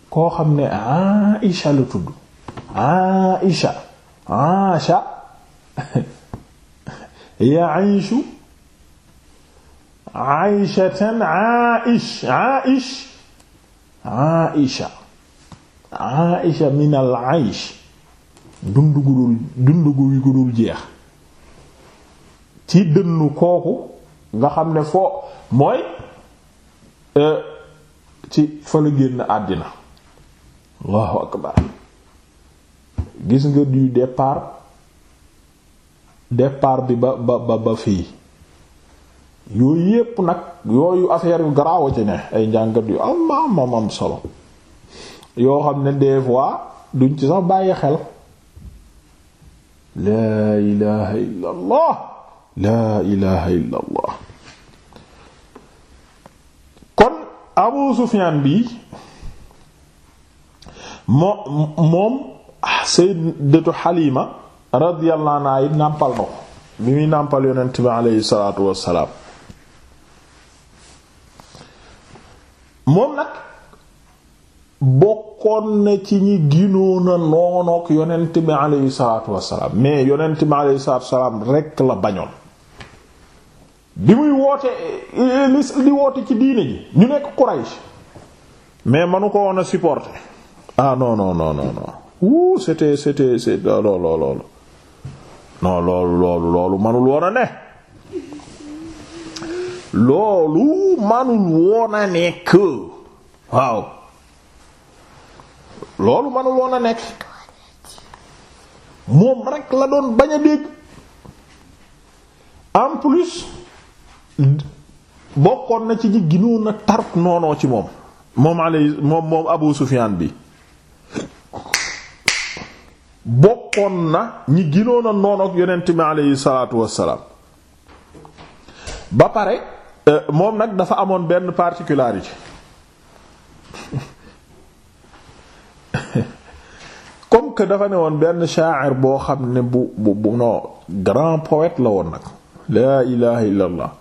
koo xam ne Aisha la tudd Aisha Aisha yaishu aishatan aish aish aisha aisha min al aish dund gu dul dul jeex ci dënnu kooku nga xam ne foo mooy euh, ci fa la génn àddina allahu akbar gis nga du départ départ bi ba ba ba fii yooyu yépp nag yooyu affaire yu garaaw ci ne ay njàngat yu am am am solo yoo xam ne des fois duñ ci sax bàyyi xel laa ilaha illa allah laa ilaha illa allah kon abu sufyan bi moo moom sayyidatu xalima radiyallahu anha nàmpal ko bi muy nàmpal yonent bi aleyhi salatu wassalaam moom nag bokkoon na ci ñi ginoon a noonook yonent bi aleyhi salaatu wassalaam mais yonent bi aleyhi salaatu wassalaam rekk la bañoon bi muy woote li woote ci diine ji ñu nekk Quraysh mais manu ko woon a supporter ah non non non non non wuu c'était c'était c'est loolu loolu loolu loolu loolu manul woon a ne loolu manul woon a nekk waaw loolu manul woon a nekk moom rek la doon bañ a dégg en plus bokkoon na ci ñi ginoon a taruk noonoo ci moom moom Abu Sufyaan bi bokkoon na ñi ginoon a noonu ak yonent bi salaatu wassalaam ba pare Euh, moom nag dafa amoon benn particularité comme que dafa ne woon benn sha'ir boo xam ne bu bu bu grand poète la woon nag laa ilaha illa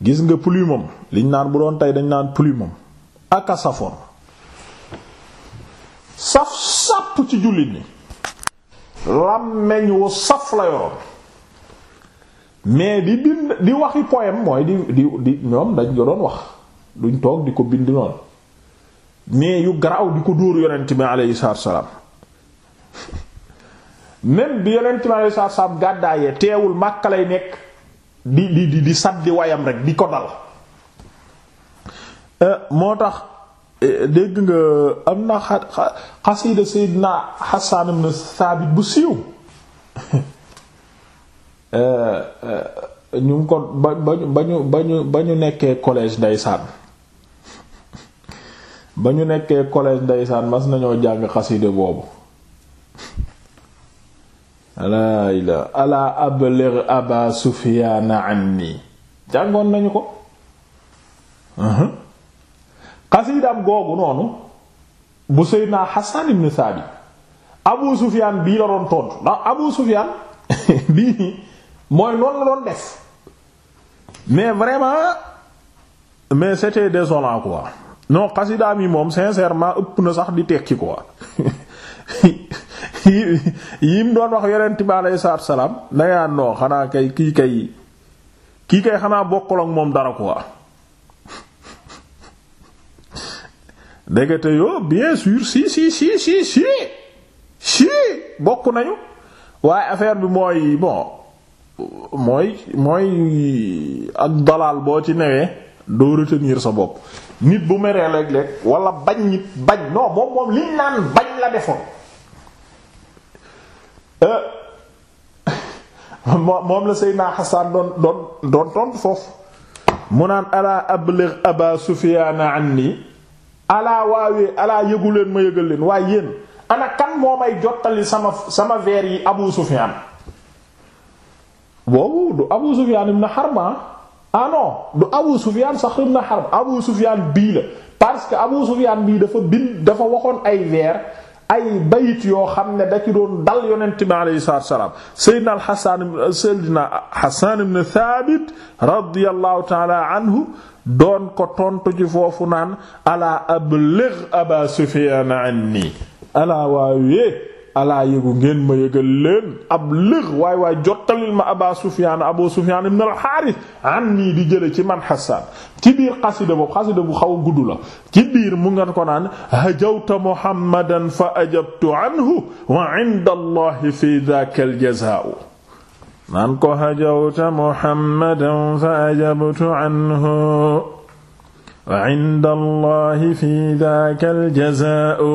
gis nga plumam liñ naan bu doon tey dañ naan plumam aka safoon saf sàpp ci jullit ni làmmeñ wu saf la yoroon mais di bind di waxi poème mooy di di ñoom dañ ko doon wax duñ toog di ko bind noonu mais yu garaaw di ko dóor yonent bi aleyhi salaatu salaam même bi yonent bi aleyhi salaatu salaam gàddaayee teewul Makka lay nekk di di di di saddi wayam rek di ko dal euh, moo tax euh, dégg nga am na xasida Seydina Hassan ibn Thabit bu siiw Euh, euh, ñu ngi ko ba ba ñu ba ñu ba ñu nekkee collège ndeysaan ba ñu nekkee collège ndeysaan mas nañoo jàng xaside boobu alaa ila aba sufiyaana anni jàngoon nañu ko uh-huh. xasiidam googu noonu bu seydna Hassan ibn Saabit abu sufiyaan bii la doon tontu ndax abu sufiyaan bii mooy noonu la doon def mais vraiment mais c'était désolant quoi non xasidaam yi moom sincèrement ëpp na sax di tekki quoi yi mu doon wax yonent bi aleyhi salaatu salaam dangaa noo xanaa kay kii kay kii kay xanaa bokkul ak moom dara quoi dégate yo bien sûr si si si si si si bokk nañu waaye affaire bi mooy bon mooy mooy ak dalaal boo ci newee doo retenir sa bopp nit bu meree léeg-léeg walla bañ nit bañ non moom moom liñ naan bañ la defoon euh, moom la Seydina Hassan doon doon doon tontu foofu mu naan alaa abligh aba Sufyaana anni alaa waawee alaa yëgu leen ma yëgal leen waaye yéen ana kan moo jottali sama sama veer yi Abu Sufyaan boobu du Abu Sufyan ibn Harb ah. ah non du Abu Sufyan sax ibn Harb Abu Sufyan bii la parce que Abu Sufyan bii dafa bind dafa waxoon ay vers ay bayit yoo xam ne da ci doon dal yonent bi alayhi salaatu wa salaam Seydina al anhu doon ko tontu ci foofu naan ala abligh Aba Sufyan anni ala waaye alaa yëgu ngeen ma yëgal leen ab léex waay waay jottalil ma aba sufyaan abu sufyaan ibn al xaaris an nii di jële ci man xasaan ci biir xasida boobu xasida bu xaw a gudd la ci biir mu ngeen ko naan hajawta muhammadan fa ajabtu anhu wa inda allahi fi daaka al jazaa'u naan ko hajawta muhammadan fa ajabtu anhu wa inda allahi fi daaka al jazaa'u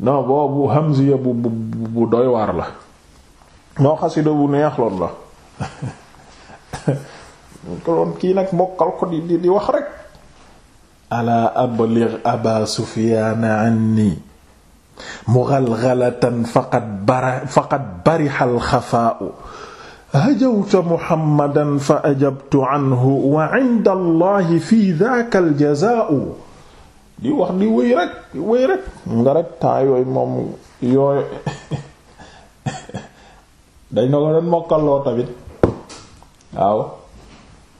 non boobu hamziya bu bu bu doy waar la moo xasida bu neex lool la kon kii nag mokkal ko di di wax rek alaa abligh aba sufyaana anni mughalghalatan faqad bara faqad bariha alxafaa'u hajawta muhammadan fa ajabtu anhu wa inda allahi fi dhaaka aljazaa'u di wax di wëy rek di wëy rek nga rek temps yooyu moom yooyu dañ na ko doon mokkalloo tamit waaw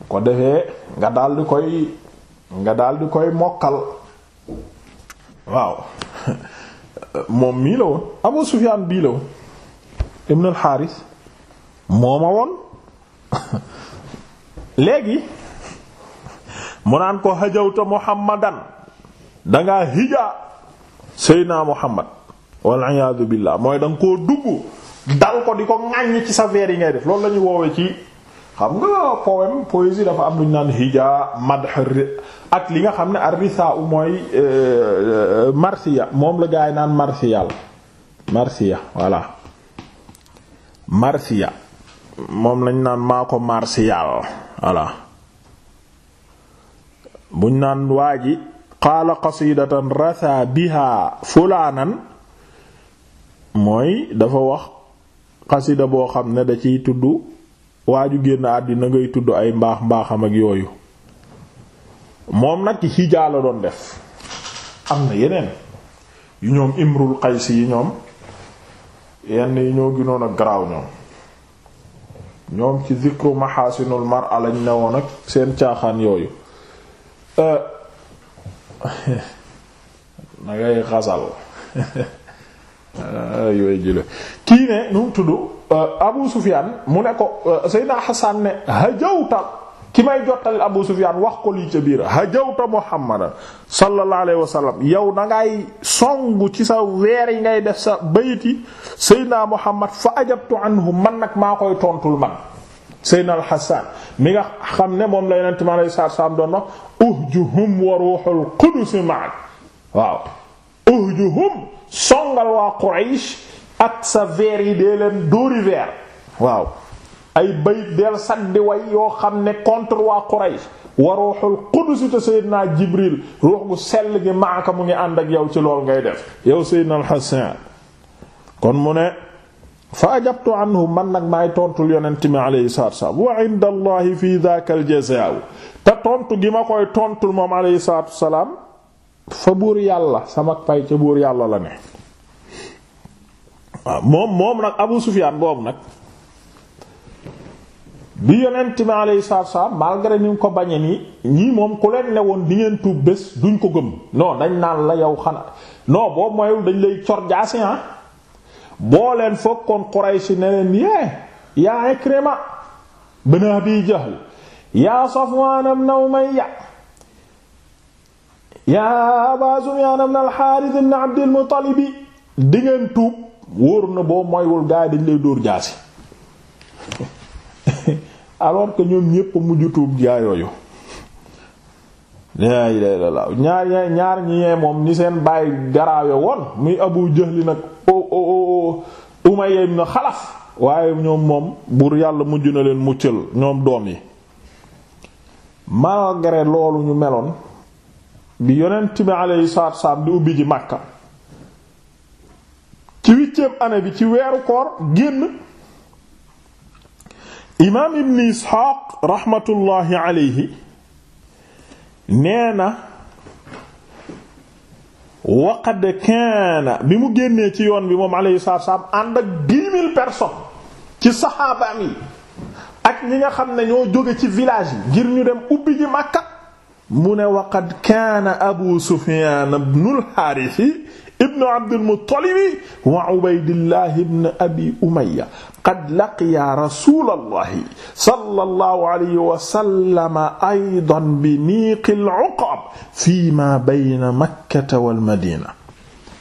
ko defee nga daal di koy nga daal di koy mokkal waaw moom mii la woon Abu Sufyaan bii la woon ibn al-Haaris mooma woon léegi mu naan ko hajawta Muhammadan dangaa hijaa seydna muhammad wal iyaadu billah mooy danga koo dugg dal ko di ko ŋàññ ci sa veer yi ngay def loolu lañuy woowee ci xam nga poème poésie dafa am lu ñu naan hija madh ak li nga xam ne ar-risaa mooy euh, euh, marsiya moom la naan marsiyal marsiya voilà marsiya moom lañ naan maa ko naan waa qaala qasidatan ratha biha fulaanan mooy dafa wax xasida boo xam ne da ciy tudd waaju génn àddina ngay tudd ay mbaax mbaaxam ak yooyu moom nag hijaa la doon def am na yeneen yu ñoom imrul qays yi ñoom yenn yi ñoo ginoon ak garaaw ñoom ñoom ci zikru mahasinul mar'a lañ newoon ak seen caaxaan yooyu euh, dangay xasal yooyu jële kii ne nu mu tudd euh, Abu Sufyaan mu ne ko euh, Seydina Hassan ne hajawta ki may jottali Abu Sufyaan wax ko lii ca biir hajawta Muhammadan sallallahu alayhi wa sallam yow dangay songu ci sa weer yi ngay def sa bayit yi Seydina Muhammad fa ajabtu anhu man nag maa koy tontul man Seydina al-Hassan mi nga xam ne moom la Yonent mi alayhi salaatu salaam doon wax uhjuhum wa ruuhul qudus ma'ak waaw uhjuhum songal waa Quraysh ak sa veer yi dee leen dóori veer waaw ay bayit del saddi way yoo xam ne contre waa Quraysh wa ruuxul qudus te Seydina Jibril ruux gu sell gi maaka mu ngi ànd ak yow ci lool ngay def yow Seydina al kon mu ne fa ajabtu anhu man nag maay tontul yonent mi alayhi salaatu wasalaam wa inda allahi fi daaka aljazaa'u te tontu gi ma koy tontul moom alayhi salaatu wasalaam fa buur yàlla sama pay ca buur yàlla la ne waaw moom moom nag abu sufiyaan boobu nag bi yonent mi alayhi salaatu wasalaam malgré ni nga ko bañe nii ñii moom ku leen ne woon di ngeen tuub bés duñ ko gëm non dañ naan la yow xanaa non boobu mooyul dañ lay cor jaasi ah boo leen fokkoon Quraysh ne leen yee yaa Ikrima ibn Abi Jahl yaa Safwaan ibn Umayya yaa Abaa Sufyaan ibn al-Haaris ibn Abdil Muttalib di tuub wóor na boo moywul gaa dañ lay dóor jaasi alors que ñoom ñépp mujj tuub gaa laa ilaaha illallaah ñaar ñee ñaar ñi moom ni seen baay garaawe woon muy Abu Jahl nag Umayya ibn Xalaf waaye ñoom moom buur yàlla mujj na leen muccal ñoom doom yi malgré loolu ñu meloon bi yonent bi alayhi salaatu salaam di ubbi ji Makka ci huitième année bi ci weeru koor génn imaam ibn Isxaaq raxmatullaahi alayhi nee na waqad kaana bi mu génnee ci yoon bi moom alayhi salaatu salaam ànd ak dix ci saxaabaam yi ak ñi nga xam ne ñoo jóge ci village yi ngir ñu dem ubbi ji Makka mu ne waqad kaana Abu Sufyaan ibnul Haaris ibnu Abdul wa Ubaydillahi ibn Abi Umayya qad laqiya rasulallahi sallallahu alayhi wa sallam aydan bi niqil uqab fi ma bayna makkata wal madina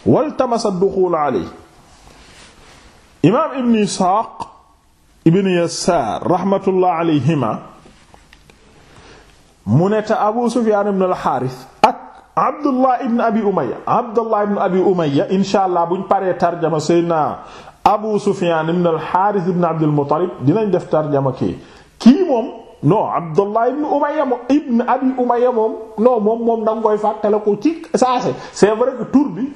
waltamasa duxuul alayhi imaam ibn Isxaaq ibn Yasaar rahmatullah alayhima mu ne te Abu Sufyaan ibn al-Haaris ak Abdullah ibn Abi Umayya Abdullah ibn Abi Umayya inshaa Allah buñ paree tarjama Seydina Abu Sufyan ibn al-Harith ibn Abd al-Muttalib dinañ def tarjama kii kii moom non Abdullah ibn Umayya moom ibn Abi Umayya moom non moom moom da koy fàttale ci saase c'est vrai que tur bi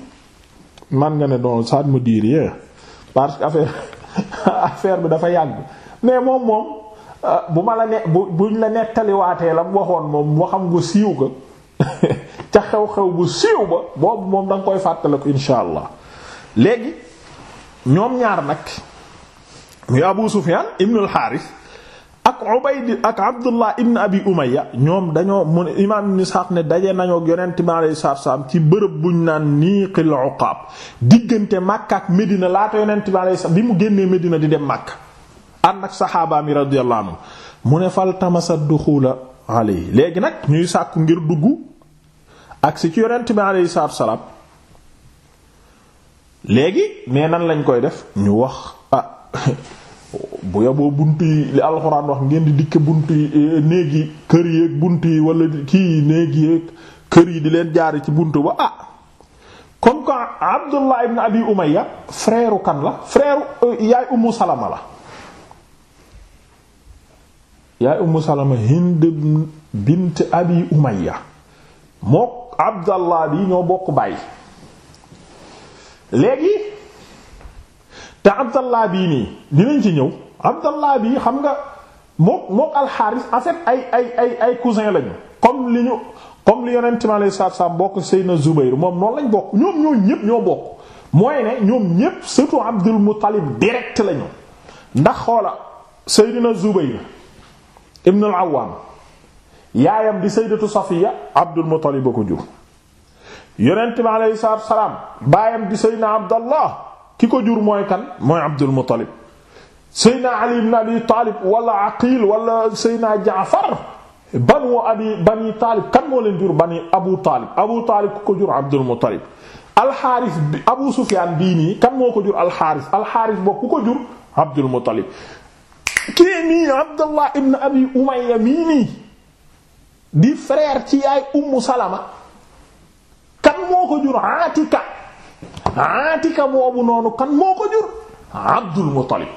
man nga ne doon ça mu dit rien parce que affaire affaire bi dafa yàgg mais moom moom euh, bu ma la ne bu buñ la nettaliwaatee la mu waxoon moom waxam gu siiw ko ca xew-xew bu siiw ba boobu moom da koy fàttale ko allah léegi. ñoom ñaar nag muy Abu Sufyan ibn Abi Umayya ñoom dañoo mu ne imaam Ishaq ne daje nañoo ak Yonent mi alayhi salaam ci bërëb buñ naan Niqil Uqab diggante Makka ak Medina laata Yonent mi alayhi salaam bi mu génnee Medina di dem Makka ànd ak saxaaba mi mu ne fal tamasa duxula alayhi léegi nag ñuy sàkku ngir dugg ak si ci Yonent mi alayhi salaam léegi mais nan lañ koy def ñu wax ah bu yaboo bunt yi li alxuraan wax ngeen di dikke bunt yi eh, néeg yi kër yi ak bunt yi wala kii néeg yi kër yi di leen jaari ci bunt ba ah comme que Abdullah ibn Abi Umayya frère kan la frère euh, yaay Ummu Salama la yaay Ummu Salama Hind bint Abi Umayya mook Abdallah bi ñoo bokk bàyyi léegi te abdallah bii nii dinañ ci ñëw abdallah bii xam nga mook mook alxaaris en fait ay ay ay ay cousin lañu comme li ñu comme lu yonent mi alayhi salaatu salaam bokk Seydina Zubayr moom noonu lañ bokk ñoom ñoo ñépp ñoo bokk mooy ne ñoom ñépp surtout Abdul Muttalib direct lañu ndax xoola Seydina Zubayr ibn al-Awwam yaayam di Sayyidatu Safiya Abdul Muttalib a ko jur yonent bi aleyhi salaatu wa salaam baayam di Seydina Abdallah ki ko jur mooy kan mooy Abdul Muttalib Seydina Ali ibn Abi Taalib wala Aqil wala Seydina Jaafar banu abi bani Taalib kan moo leen jur bani Abu Taalib Abu Taalib ku ko jur Abdul Muttalib alxaaris bi Abu Sufyaan bii nii kan moo ko jur alxaaris alxaaris boobu ku ko jur Abdul Muttalib kii nii Abdallah ibn Abi Umayya mii nii di frère ci yaay Ummu Salama. kan moo ko jur Atika Atika boobu noonu kan moo ko jur Abdul Muttalib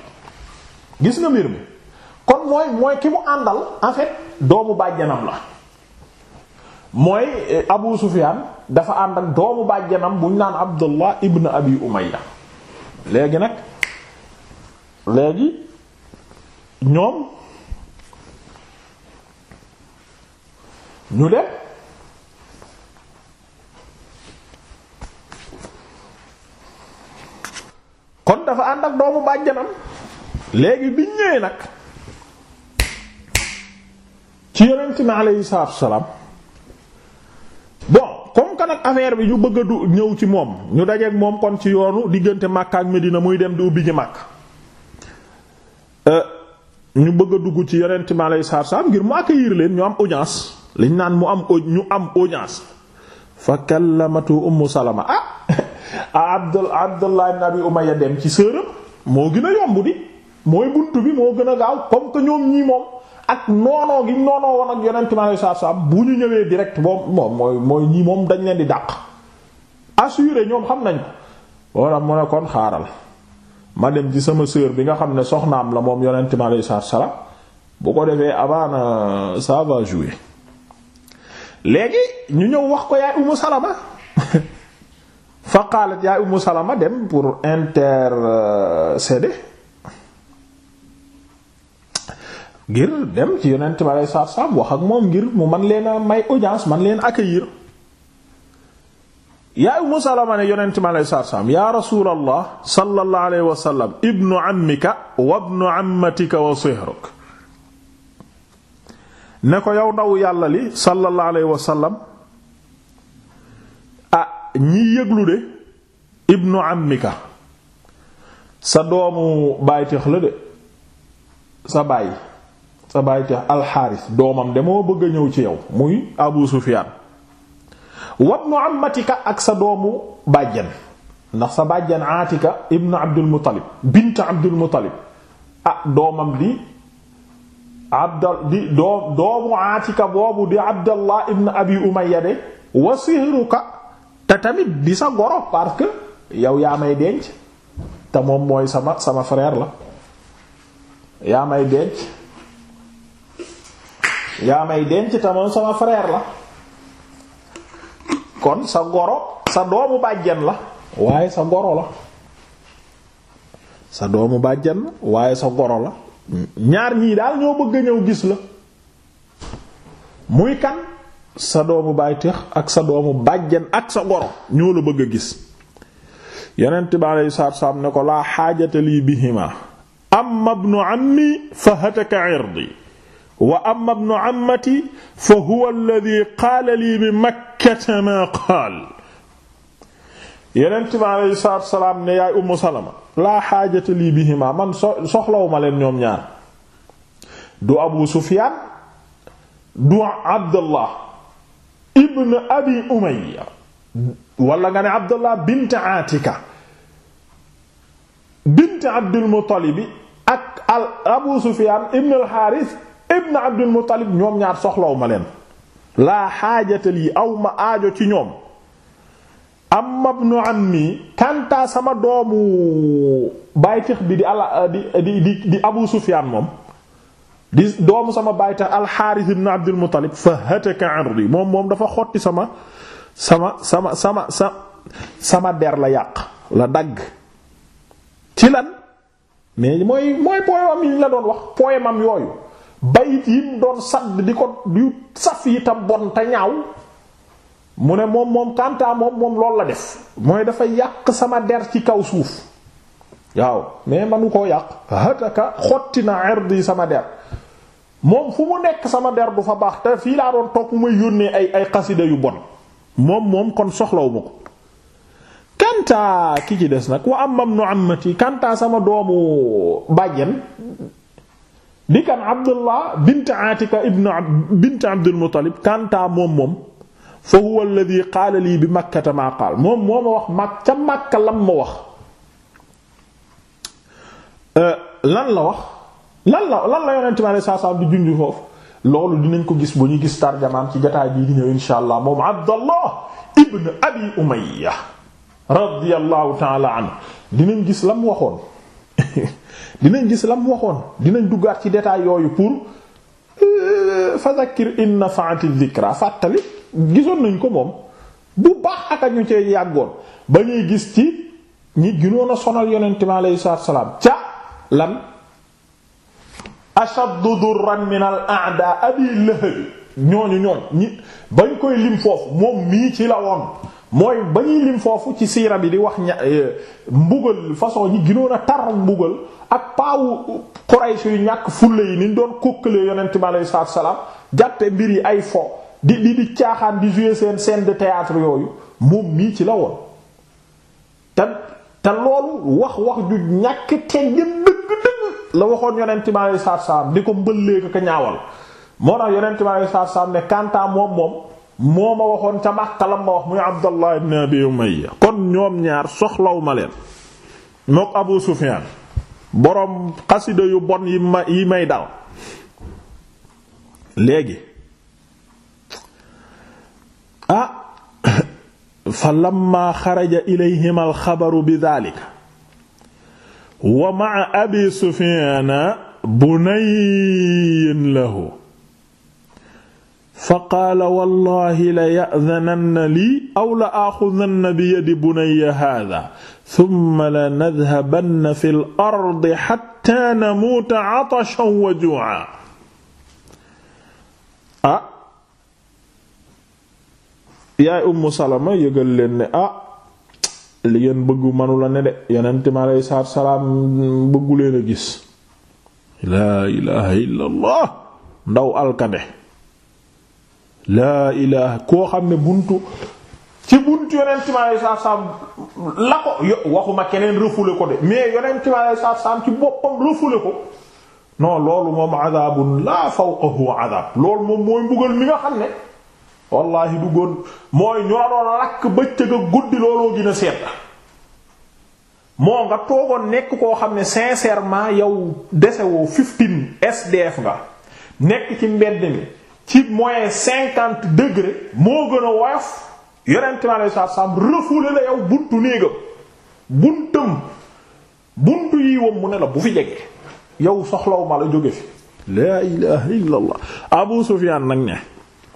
gis nga mbir mi kon mooy mooy ki mu àndal en doomu bàjjanam la mooy eh, Abu Sufyaan dafa ànd doomu bàjjanam bu ñu naan Abdullah ibn Abi Umayya léegi nag léegi ñoom ñu dem kon dafa ànd ak doomu bàjjanam léegi bi ñëwee nag ci yonent mi alayhi salaatu bon comme que nag bi ñu bëgg du ñëw ci moom ñu dajeeg moom kon ci yoonu diggante Makka ak Medina muy dem di ubbi ji Makka euh, ñu bëgg a dugg ci yonent mi alayhi salaatu wassalaam ngir mu accueillir leen ñu am audience liñ naan mu am ñu am audience fa kallamatu Ummu Salama ah Abdul Abdullah ibn Abi Umayya dem ci sërëm moo gën a yomb di mooy bunt bi moo gën a gaaw comme que ñoom ñii moom ak noonoo gi noonoo woon ak yonent mi saa saa bu ñu ñëwee direct moom moom mooy mooy ñii moom dañ leen di dàq assuré ñoom xam nañ ko. wala a kon xaaral ma dem ci sama sœur bi nga xam ne am la moom yonent mi saa saa bu ko defee avant euh, ça va jouer léegi ñu ñëw wax ko yaay Umu Salama. fa qaalat yaa Ummu Salama dem pour intercéder ngir dem ci yonent bi salaam wax ak moom ngir mu man leen a may audience man leen accueillir yaa Ummu Salama ne yonent bi salaam yaa Rasuulallah sallallahu alayhi wa sallam ibnu ammika wa ibnu ammatika wa sihruk ne ko yow ndaw yàlla li sallallahu alayhi wa ñi yëglu de ibnu ammika sa doomu bàyteex la de sa baay sa bàyteex alxaaris doomam de moo bëgg a ñëw ci yow muy abu sufiyaan wabnu ammatika ak sa doomu bàjjan ndax sa bàjjan aatika ibnu abdul muttalib bint abdul muttalib ah doomam di abdal di doomu aatika boobu di abdallah ibnu abi umaya de wa sihruka te tamit di sa goro park que yow yaa may denc te moom mooy sama sama frère la yaa may denc yaa sama frère la kon sa goro sa doomu bàjjan la waaye sa goro la sa doomu bàjjan waaye sa goro la ñaar ñii daal ñoo bëgg ñëw gis la muy kan sa doomu baay teex ak sa doomu bàjjan ak sa goro ñoo la bëgg a gis yonent bi sa salaatu salaam ne ko laa xaajata lii bihima amma ibnu ammi fa hataka irdi wa amma ibnu ammati fa huwa alladhi qaala lii bi makkata maa qaal yonent bi aleyhi salaatu salaam ne yaay ummu salama laa xaajata lii bihima man soxlawuma leen ñoom ñaar du abu sufyaan du abdullah ibn abi umayya wala nga ne abdullah bint atika bint abdul muttalibi ak al abu sufiyaan ibn al ibn abdul ñoom ñaar soxlaw ma leen laa xaajata lii aw ma aajo ci ñoom amma ibnu ammi kantaa sama doomu baytix bi di ala di di di abu sufiyaan moom di doomu sama bayta alxaaris ibn abdul muttalib fa hataka ardi moom moom dafa xotti sama sama sama sama sa sama der la yàq la dagg ci lan mais mooy mooy poemam yi ñu la doon wax poemam yooyu bayit yi mu doon sadd di ko yu saf yi ta bon te ñaaw mu ne moom moom kantaa moom moom loolu la def mooy dafa yàq sama der ci kaw suuf waaw mais manu koo yàq hataka xotti na ardi sama der moom fu mu nekk sama der du fa baax te fii laa doon toog mu yónnee ay ay xasida yu bon moom moom kon soxlaw ma ko kantaa ki ci des nag wa amam nu amati kantaa sama doomu bàjjen di kan abdullah bint atika ibn bint abdul muttalib kantaa moom moom fa huwa alladhi qaala lii bi makkata maa qaal moom moo ma wax mag ca makka lam ma wax euh, lan la wax lan la lan la yonent bi alayhi salaam di junj foofu loolu dinañ ko gis bu ñu gis tarjamaam ci jotaay bii di ñëw insha allah moom Abdallah ibn Abi Umayya radiyallahu ta'ala anhu dinañ gis lam waxoon dinañ gis lam waxoon dinañ duggaat ci détail yooyu pour euh, fa dhakkir in nafa'ati dhikra fàttali gisoon nañ ko moom bu baax ak ñu cee yàggoon ba ñuy gis ci ñi gënoon a sonal yonent bi alayhi salaam ca lan. ashaddu durran min al a'da abi lahab ñooñu ñooñ ñi bañ koy lim foofu moom mii ci la woon mooy bañuy lim foofu ci siira bi di wax ña eh, mbugal façon ñi ginoon a tar mbugal ak paawu Quraysh yu ñàkk fulla yi ni doon kokkalee yonent bi aleyhi salaatu salaam jàppe mbir yi ay fo di di di caaxaan di jouer seen scène de théâtre yooyu moom mii ci la woon te te loolu wax wax ju ñàkk teggin dëgg dëgg la waxoon yonent mi alayhi salaatu salaam di ko mbëllee ko ka ñaawal moo tax yonent mi alayhi ne Kantaa moom moom moo ma waxoon ca Makka ma wax muy Abdallah ibn Abi Umayya kon ñoom ñaar soxlaw ma leen mook Abu Sufyaan boroom xasida yu bon yi yi may dal léegi ah fa lamma xaraja ilayhim alxabaru bi daalika wa ma'a abi sufyaana bunayyin lahu fa qaala wallahi la ya'dananna lii aw la aaxudanna bi yadi bunayya haadaa summa la nadhabanna fil ardi hattaa namuuta 'atashan wa juu'an ah yaay Ummu Salama yëgal leen ne ah li ngeen bëggu manu la ne de yonent mi aleyhi salaatu salaam bëggu leen a gis laa ilaha illa allah ndaw alkande laa ilaha koo xam ne buntu ci buntu yonent mi aleyhi salaatu salaam la ko waxuma keneen refoulé ko de mais yonent mi aleyhi salaatu salaam ci boppam refoulé ko non loolu moom adaabun laa fawqahu adaab loolu moom mooy mbugal mi nga xam ne wallahi du góon mooy ñoo doon lakk bëccëg ak guddi looloo gën a sedd moo nga toogoon nekk koo xam ne sincèrement yow dese woo 15 SDF nga nekk ci mbedd mi ci moyen cinquante degré moo gën a woyof yonent mi alei satu salaam la yow buntu néegam buntam buntu yi wam mu ne la bu fi jege yow soxlaw ma la jóge fi laa ilaha illa Abu Sufyan nag ne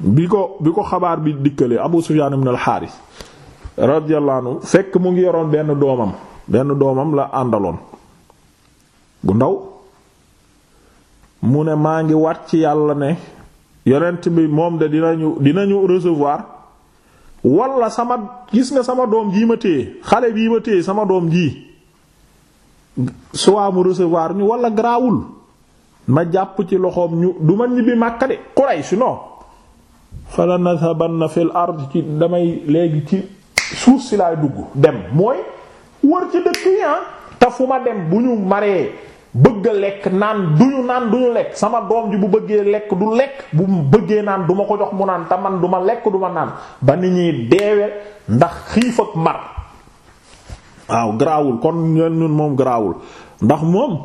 bi ko bi ko xabaar bi dikkalee Abu Sufyan ibn al-Harith radiyallahu anhu fekk mu ngi yoroon benn doomam benn doomam la àndaloon bu ndaw mu ne maa ngi wat ci yàlla ne yonent bi moom de dina dinañu recevoir walla sama gis nga sama doom jii ma téye xale bii ma téye sama doom jii suwaamu mu recevoir ñu walla garaawul ma jàpp ci loxoom ñu du ma ñibbi Makka de Quraysh non fala nathabanna fil ard ci damay léegi ci suuf si laay dugg dem mooy wër ci dëkk yi ah, te fu ma dem bu ñu maree bëgg a lekk naan du ñu naan du lekk sama doom ji bu bëggee lekk du lekk bu bëggee naan du ma ko jox mu naan te man duma lekk duma naan ba nit ñi deewe ndax xiif ak mar waaw garaawul kon ñun moom garaawul ndax moom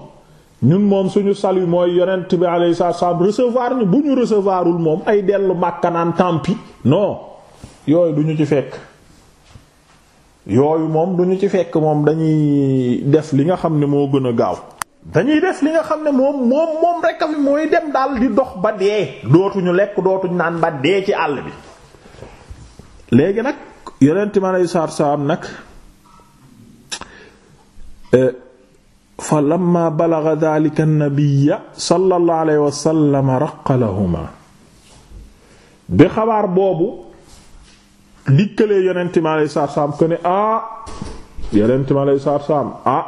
ñun moom suñu salut mooy yonent bi alayhi salaam resevoir ñu bu ñu resevoirul moom ay dellu makkanaan naan tampi yooyu duñu ci fekk yooyu moom duñu ci fekk moom dañuy def li nga xam ne moo gën a gaaw dañuy def li nga xam ne moom moom moom rekk a fi mooy dem daal di dox ba dee dootuñu lekk dootuñu naan ba dee ci àll bi léegi nag yonent bi alayhi salaam nag euh, fa lamma balaga daalika nabiyya sallallahu alayhi wa sallam raqqa lahumaa bi xabaar boobu dikkalee yonent mi alayhi salaatu salaam ko ne ah yonent mi alayhi salaatu salaam ah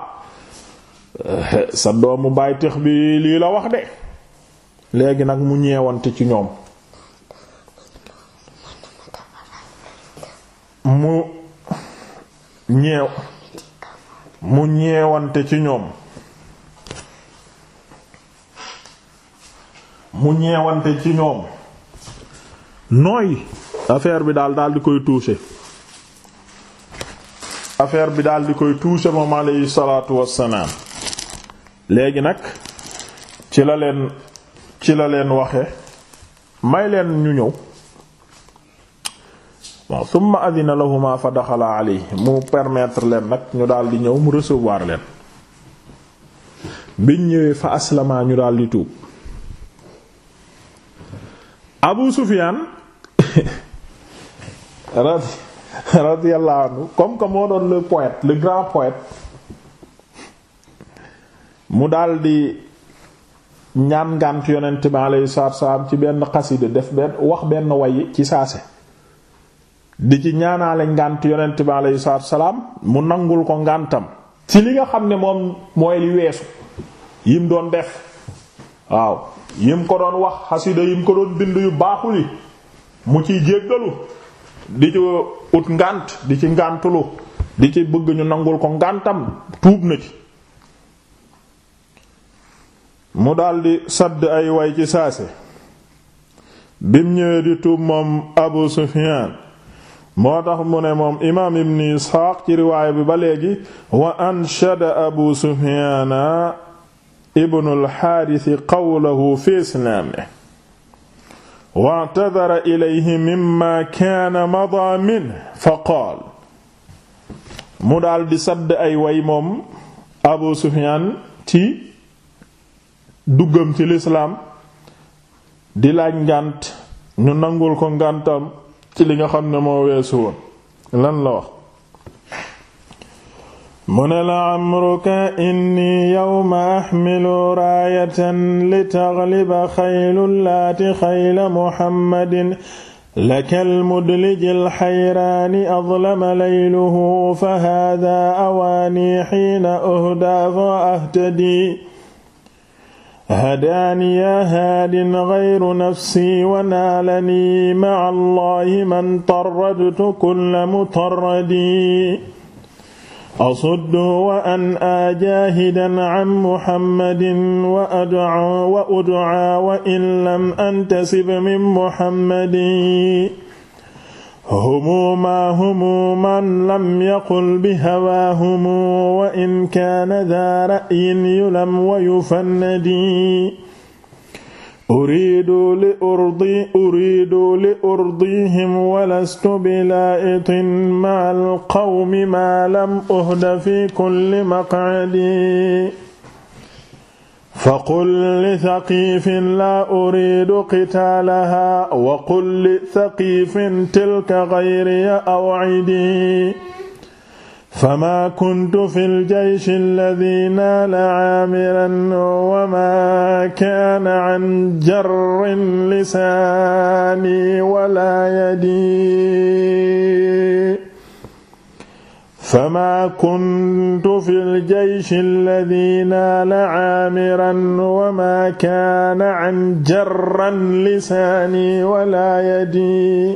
sa doomu bàyteex bi lii la wax de léegi nag mu ñeewante ci ñoom mu ñeew mu ñeewante ci ñoom mu ñeewante ci ñoom nooy affaire bi daal daal di koy touché affaire bi daal koy touché moom alayhi salaatu wassalaam léegi nag ci la leen ci la leen waxe may leen ñu ñëw waaw summa adina lahuma fa daxala alayhi mu permettre leen nag ñu daldi ñëw mu recevoir leen biñ ñëwee fa aslamaa ñu daal di tuub Abu Sufyan radiyallahu anhu comme que moo doon le poète le grand poète mu daldi ñaan ngànt yonent bi alayhi salaatu salaam ci benn xasida def benn wax benn way ci saase di ci ñaanaale ngànt yonent bi alayhi salaatu salaam mu nangul ko ngàntam ci li nga xam ne moom mooy li weesu yim doon def waaw yim ko doon wax xasida yim ko doon bind yu baaxul yi mu ciy jéggalu di ci ut ngànt di ci ngàntulu di ci bëgg ñu nangul ko ngàntam tuub na ci mu daldi sadd ay way ci saase bim ñëwee di tuub moom Abu Sufyaan moo tax mu ne moom imaam ibn Isxaaq ci riwaaya bi ba léegi wa anshada Abu Sufyaana ibnu alxaarisi qawlahu fi islaamihi wa'tadara ilayhi mimma kaana madaa minhu fa qaal mu daal sadd ay way moom abu sufiyaan ci duggam ci lislaam di laaj ngànt ñu nangul ko ngàntam ci li nga xam ne moo weesu woon lan la wax mu ne la amruka inni yawma axmilu raayatan litagliba xaylul laati xayla muhammadin lakal mudlijil xayraani adlama layluhu fa haadaa awaani xiina uhdaa fa ahtadii hadaaniya haadin gayru nafsi wa naalani maca allahi man taradtu kulla mutaradi asuddu wa an ajaahidan an muhammadin wa ad'a wa ud'a wa in lam antasib min muhammadin humuuma humuuman lam yaqul bihawaahumu wa in kaana dhaa ra'yin yulam wa yufannadi uridu li urdi uridu li urdihim walastu bilaa'itin ma'al qawmi ma lam uhda fi kulli maq'adi faqul li saqiifin laa uridu qitaalaha wa qul li saqiifin tilka ghayriya aw'idi فما كنت في الجيش الذي نال عامرا وما كان عن جر لساني ولا يدي فما كنت في الجيش الذي نال عامرا وما كان عن جر لساني ولا يدي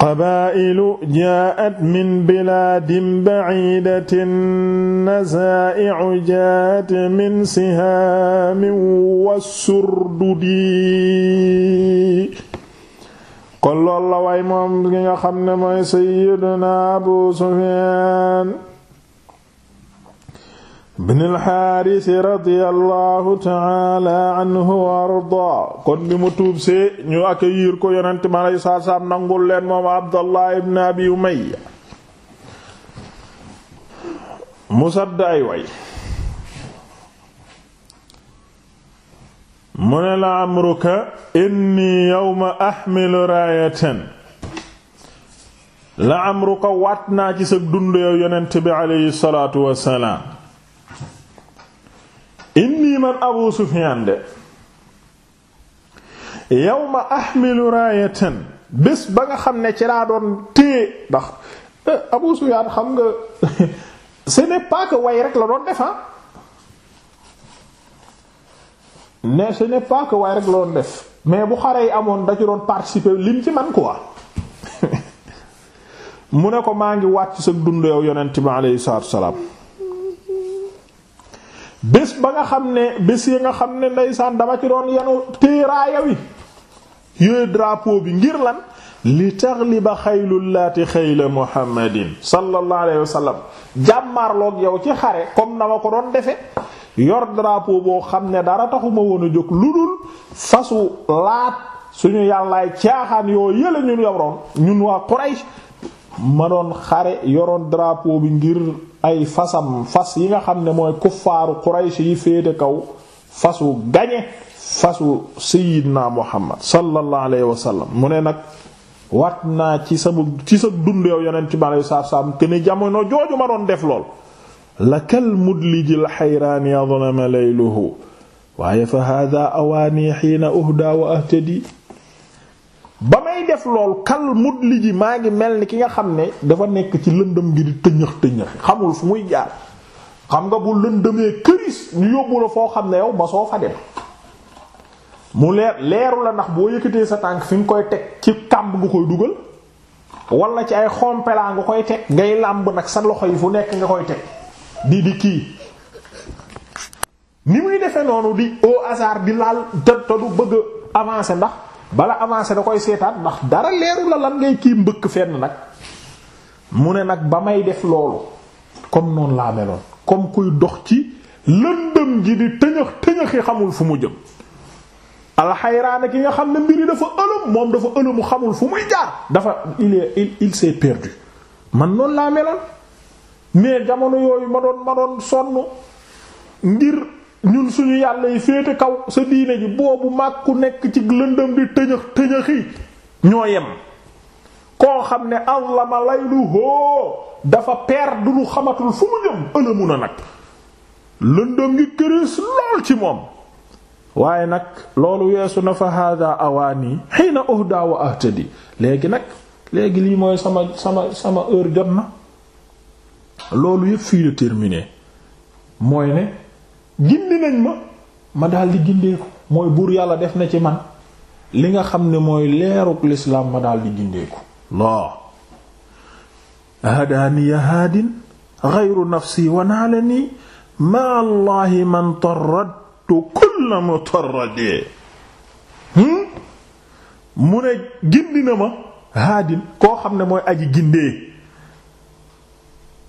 qabaa'ilu jaa'at min bilaadin ba'iidatin nazaa'i'u jaa'at min sihaamin wasurdudi kon lool la way moom gi nga xam ne mooy sayyiduna Abu Sufyaan ibn alxaaris radiyallahu taala anhu wa ardaa kon bi mu tuub see ñu accueillir ko yonent ma lay saasaam nangul leen moom abdallah ibn abi umayya musadd ay way mu ne la amruka inni yawma axmilu raayatan la amruka waat naa ci sa dund yonent bi aleyhi salaatu wassalaam inni man abu sufiyaan de yawma ahmilu raayatan bés ba nga xam ne ci laa doon téye ndax eh, abu sufiyaan xam nga ce n'est pas rek la doon def ah mais ce n'est rek la doon def mais bu xare yi amoon da ci doon participer lim ci man quoi mu ne ko maa ngi wàcc sa dund yow yonent bi aleyhi salaatu salaam bés ba nga xam ne bés yi nga xam ne ndeysaan dama ci doon yanu téeraaya wi yooyu drapeau bi ngir lan li taxliba xaylullaati xayla muhammadin sallallahu alayhi wa sallam jàmmaarloog yow ci xare comme na ma ko doon defe yor drapeau boo xam ne dara taxuma woon a jóg lu dul fasu laat suñu yàllaay caaxaan yoo yële ñun yoroon ñun waa Quraysh ma doon xare yoroon drapeau bi ngir ay fasam fas yi nga xam ne mooy kuffaaru Quraysh yi féete kaw fasu gañe fasu sayyidina Muhammad sallallahu alayhi wa sallam mu ne nag wat naa ci sama ci sa dund yow yonent ci ba salaatu salaam te ni jamono jooju ma doon def lool la kal mudlijil xayraani adlama layluhu waaye fa hada awaani xiina uhda wa ahtadi def lool kal mudli ji maa ngi mel ni ki nga xam ne dafa nekk ci lëndëm gi di tëñëx tëñëx xamul fu muy jaar xam nga bu lëndëmee këris ñu yóbbu la foo xam ne yow ma soo fa dem mu leer leeru la ndax boo yëkkatee sa tànk fi nga koy teg ci kàmb nga koy dugal wala ci ay xompelaa nga koy teg ngay làmb nag sa loxo yi fu nekk nga koy teg di di kii ni muy defee noonu di au hasard di laal te du bëgg avancer ndax bala avancé da koy seetaan ndax dara leeru la lan ngay kii mbëkk fenn nag mu ne nag ba may def loolu comme noonu laa meloon comme kuy dox ci lëndëm gi di tëñëx tëñëxi xamul fu mu jëm alxayraana ki nga xam ne mbiri dafa ëlëm moom dafa ëlëmu xamul fu muy jaar dafa il est il s'est perdu man noonu laa meloon mais jamono yooyu ma doon ma doon sonn ngir ñun suñu yàlla yi féete kaw sa diine ji boobu mag ku nekk ci lëndëm di tëñëx tëñëxi ñoo yem koo xam ne azlama laylu hoo dafa perdre lu xamatul fu mu jëm ëlëmu na nag lëndëm ngi kërees lool ci moom waaye nag loolu weesu na fa hada awaani xiina uhda wa ahtadi léegi nag léegi lii mooy sama sama sama heure jot na loolu yëpp fii la terminé mooy ne gindi nañ ma ma daal di gindeeku mooy buur yàlla def na ci man li nga xam ne mooy leeruk lislaam ma daal di gindeeku loo hadaaniya haadin geyru nafsi wanaale nii ma allahi man taradtu kulla mutarradee hmm? mu ne gindi na ma haadin koo xam ne mooy aji gindee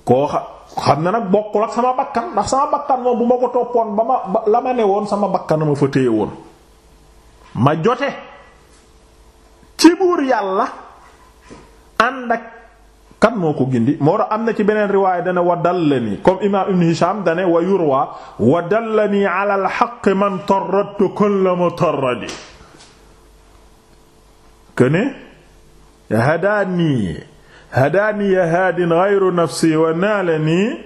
koo xam xam na nag bokkul ak sama bakkan ndax sama bakkan moom bu ma ko toppoon ba ma la ma ne woon sama bakkan moo fa téye woon ma jote ci buur yàlla ànd ak kan moo ko gindi moo tax am na ci beneen riwaay dana wa dallani comme imaam ibn Hisham dane wa yurwa wa dallani ala al-haqq man tarradtu kulla mutarradi kene hadaani hadaaniya haadin ghayru nafsi wa naalani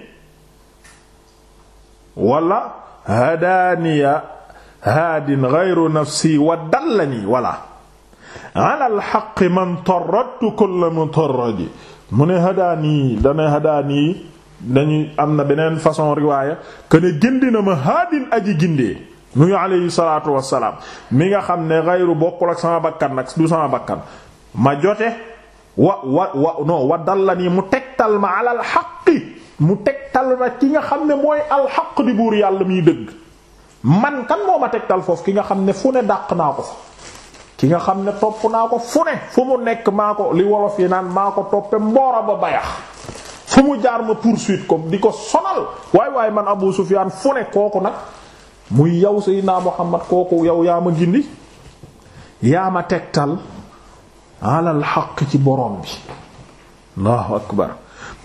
wala hadaaniya haadin ghayru nafsi wa dallani wala ala alxaqi man torradtu kulla mutarradi mu ne hadaani dana hadaani dañuy am na beneen façon riwaaya këne gindi na ma haadin aji gindee nuyu alayhi salaatu wassalaam mi nga xam ne ghayru bokkul ak sama bakkan nag du sama bakkan ma jote wa wa wa non wa dal la nii mu tegtal ma alal xaqi mu tegtal ma ki nga xam ne mooy alxaq di buur yàlla muy dëgg man kan moo ma tegtal foofu ki nga xam ne fu ne dàq naa ko ki nga xam ne topp naa ko fu ne fu mu nekk maa ko li wolof yi naan maa ko toppe mboora ba bayax fu mu jaar ma poursuite ko di ko sonal waay waaye man Abu Sufyaan fu ne kooku nag muy yow Seydina Muhammad kooku yow yaa ma gindi yaa ma tegtal alal xaq ci borom bi allahu akbar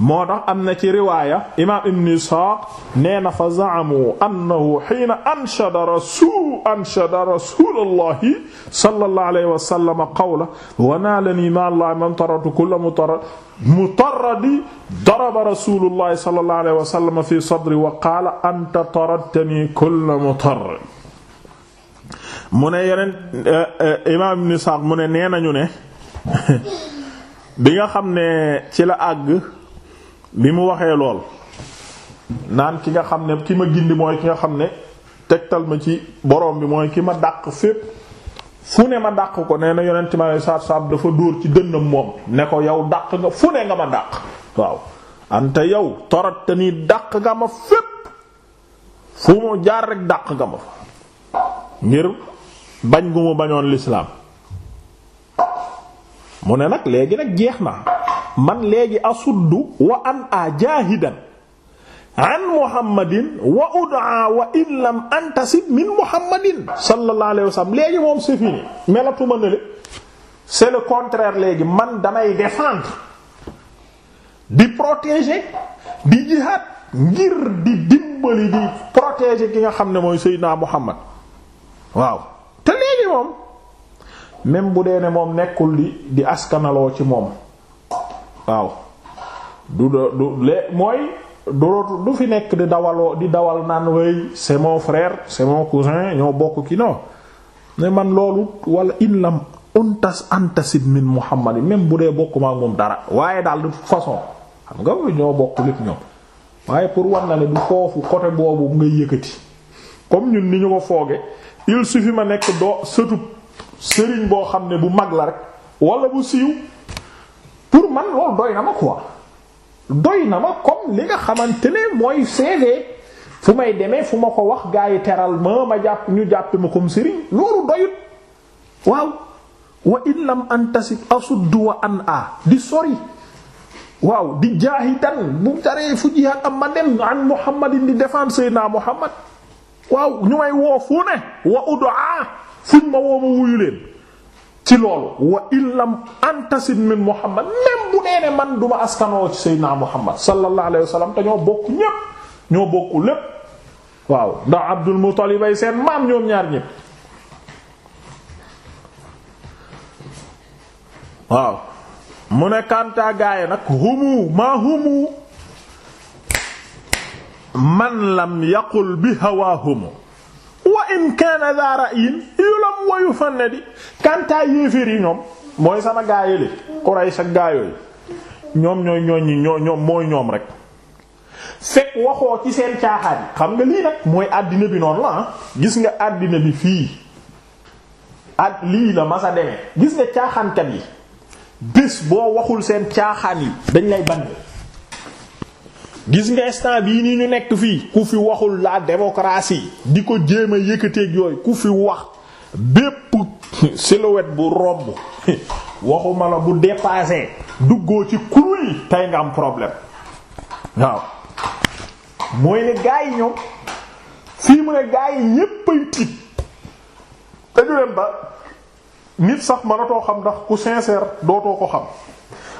moo tax am na ci riwaaya imaam ibn isxaaq nee na fa zaamu annahu xiina anshada rasul anshada rasulullahi sallallahu alayhi wa sallam qawla wa naalani ma allah man taratu kulla mutarradi daraba rasulullahi sallallahu alayhi wa sallam fi sadri wa qaala anta taradtani kulla mutarrad mu ne yeneen eh, eh, imaam ibn isxaaq mu ne nee nañu ne bi nga xam ne ci la àgg bi mu waxee lool naan ki nga xam ne ki ma gindi mooy ki nga xam ne tegtal ma ci borom bi mooy ki ma dàq fépp fu ne ma dàq ko nee na yonent ma saab saab dafa dóor ci dënnam moom ne ko yow dàq nga fu ne nga ma dàq waaw ante yow torat te nii dàq nga ma fépp fu mu jaar rek dàq nga ma ngir bañ gu mu bañoon lislaam mu ne nag léegi nag jeex na man léegi asuddu wa an a jaahidan an muhammadin wa udaa wa in lam antasib min muhammadin sallallahu alayhi wa sallam léegi moom c'est fini melatuma ne le le contraire léegi man damay défendre di protéger di jihaad ngir di dimbali di protéger ki nga xam ne mooy Seydina Muhammad waaw te léegi moom même bu dee ne moom nekkul di di askanaloo ci moom waaw du du le mooy du du fi nekk di dawaloo di dawal naan wey c'est mon frère c'est mon cousin ñoo bokk ki non man loolu wala in lam untas antasib min muhammad même bu dee bokkuma ak moom dara waaye daal de façon xam nga ñoo bokk lépp ñoom waaye pour war na ne du foofu côté boobu ngay yëkkati comme ñun ni ñu ko fooge il suffit ma nekk doo sëtub sëriñ boo xam ne bu mag la rek wala bu siiw pour man loolu doy na ma quoi doy na ma comme li nga xamante ne mooy CV fu may demee fu ma ko wax gaa yi teral ma ma jàpp ñu jàpp ma comme sëriñ loolu doyut waaw wa in lam antasib asuddu wa an a di sori waaw di jaahidan bu taree fu jihaad am ma dem an muhammadin di défendre sayyidina muhammad waaw ñu may woo ne wa udaa fuñ ma woo ma wuyu leen ci loolu wa illam antasib min muhammad même bu nee ne man duma askanoo ci muhammad sallallahu alayhi wa te ñoo bokk ñépp ñoo bokk lépp waaw ndax abdul muttalib ay seen maam ñoom ñaar ñépp waaw mu ne kàntaa gaaya nag humu maa humu man lam yaqul bi hawaa humu wa in kaana daa ra'yin yulam wa yufannadi kantaa yéeféer yi ñoom mooy sama gaayale Quraysh ak gaayooyu ñoom ñooy ñooñi ñoo ñoom mooy ñoom rek fekk waxoo ci seen caaxaan yi xam nga lii nag mooy àddina bi noonu la ah. gis nga àddina bi fii ak lii la masa demee gis nga caaxaankat yi bis boo waxul seen caaxaan yi dañ lay ban gis nga instant bii nii ñu nekk fii ku fi waxul la démocratie di ko jéem a yëkkateeg yooyu ku fi wax bépp silhouette bu romb waxuma la bu dépassé duggoo ci kuréel yi tey nga am problème waaw mooy ne gaa yi ñoom fii mu ne gaa yi ñéppay tiit dañu dem ba nit sax mënatoo xam ndax ku sincère dootoo ko xam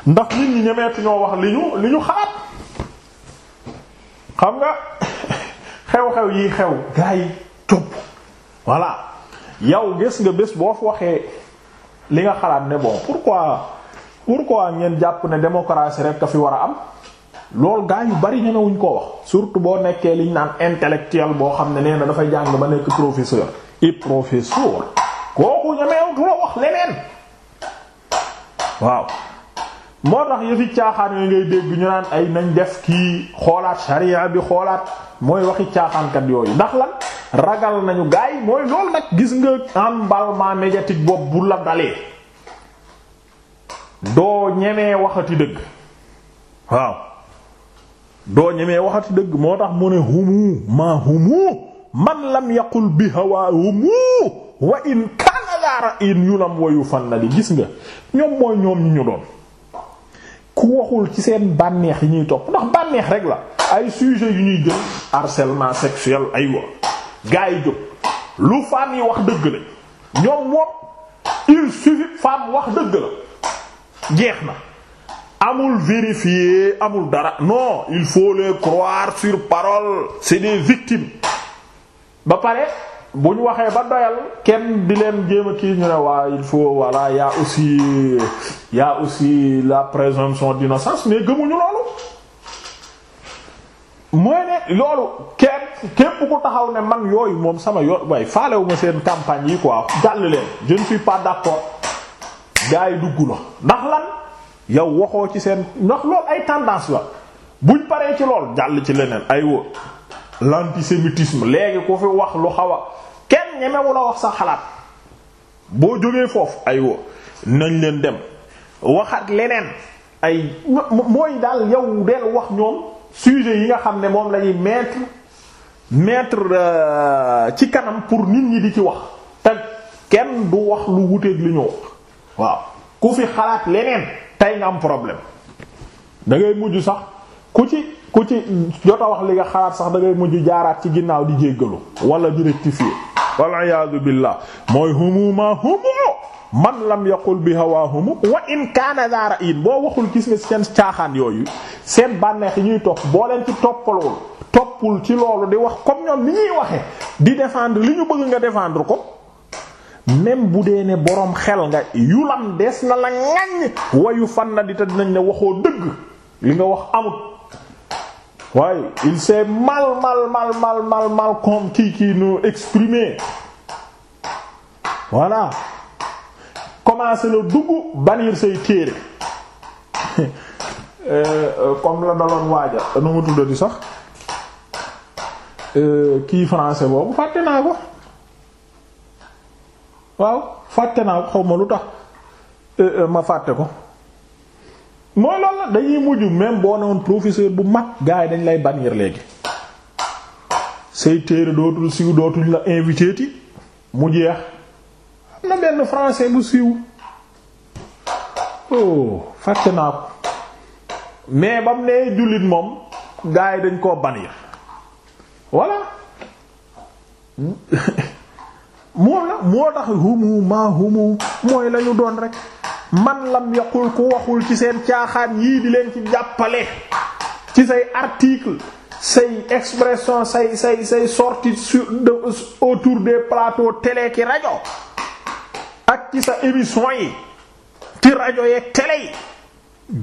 ndax nit ñi ñemeetu ñoo wax li ñu li ñu xalaat xam nga xew-xew yi xew gaa yi topp voilà yow gis nga bés boo waxee li nga xalaat ne pour bon pourquoi pourquoi ngeen jàpp ne démocratie rek a fi war a am loolu gaa yu bari ñemewuñ koo wax surtout boo nekkee liñ naan intellectuel boo xam ne nee na dafay jàng ba nekk professeur et professeur kooku ñemewut la wax leneen waaw moo tax yëfi caaxaan yooyu ngay dégg ñu naan ay nañ def kii xoolaat sariya bi xoolaat mooy waxi caaxaankat yooyu ndax lan ragal nañu gaay mooy loolu nag gis nga emballement médiatique bu la doo ñemee waxati dëgg waaw waxati dëgg moo tax mu ne man lam yaqul bi hawaa humu la ra'in gis nga ñoom mooy ñoom ñu ñu doon ku waxul ci seen bànneex yi ñuy topp ndax bànneex rek la ay sujet yu ñuy jël harcèlement sexuel ay wa gars yi jóg lu femme wax dëgg la ñoom moom il suffit femme wax dëgg la jeex na amul vérifier amul dara non il faut les croire sur parole c'est des victimes ba pare bu ñu waxee ba doyal kenn bi leen jéem a kii ñu ne waa il faut voilà yaa aussi y a aussi la présomption d'innocence mais gëmuñu loolu mooy ne loolu kenn képp ku taxaw ne man yooyu moom sama yoon waaye faalewu ma seen campagne yi quoi jàll leen je ne suis pas d'accord gars yi dugg la ndax lan yow waxoo ci seen ndox loolu ay tendance la buñ paree ci lool jàll ci leneen ay wo l'antisémitisme léegi ku fi wax lu xaw a kenn ñemewu la wax sa xalaat boo jógee foofu aywa nañ leen dem waxaat leneen ay mooy daal yow del wax ñoom sujet yi nga xam ne moom lañuy mettre mettre euh, ci kanam pour nit ñi di ci wax te kenn du wax lu wuteeg li ñu wax waaw ku fi xalaat leneen tey nga am problème da mujj sax ku ci ku ci jot a wax li nga xalaat sax dangay mujj jaaraat ci ginnaaw di jéggalu wala di rectifier wal iyaadu mooy humu ma man lam yaqul bi hawaahumu wa in kaana in boo waxul gis nga seen caaxaan yooyu seen bànneex yi ñuy topp boo leen ci toppalul toppul ci loolu di wax comme ñoom ni ñuy waxe di défendre li ñu bëgg nga défendre ko même bu dee ne boroom xel nga yulam des na la ŋaññ wayu fan na di te dinañ ne waxoo dëgg li nga waaye il s'est mal mal mal mal mal mal comme kii kii nous exprimer voilà commencé la dugg bannir say téere euh, comme la daloon waaja nu mu tuddati sax euh, kii français boobu fàtte naa ko waaw fàtte naa ko xaw ma lu tax euh, ma fàtte ko. mooy loolu la dañuy mujj même boo newoon professeur bu mag gars yi dañ lay bannir léegi say téere dootul siiw dootuñ la invité ti mu jeex na benn français bu siiw oh fàtte naa ko mais ba mu nee jullit moom gars yi dañ koo bannir voilà moo la moo tax humu ma humu mooy lañu doon rek man lam yaqul ku waxul ci seen caaxaan yii di leen ci jàppale ci say article say expression say say say sortie sur autour des plateaux télé ki rajo ak ci sa émission yi ci rajo yee télé yi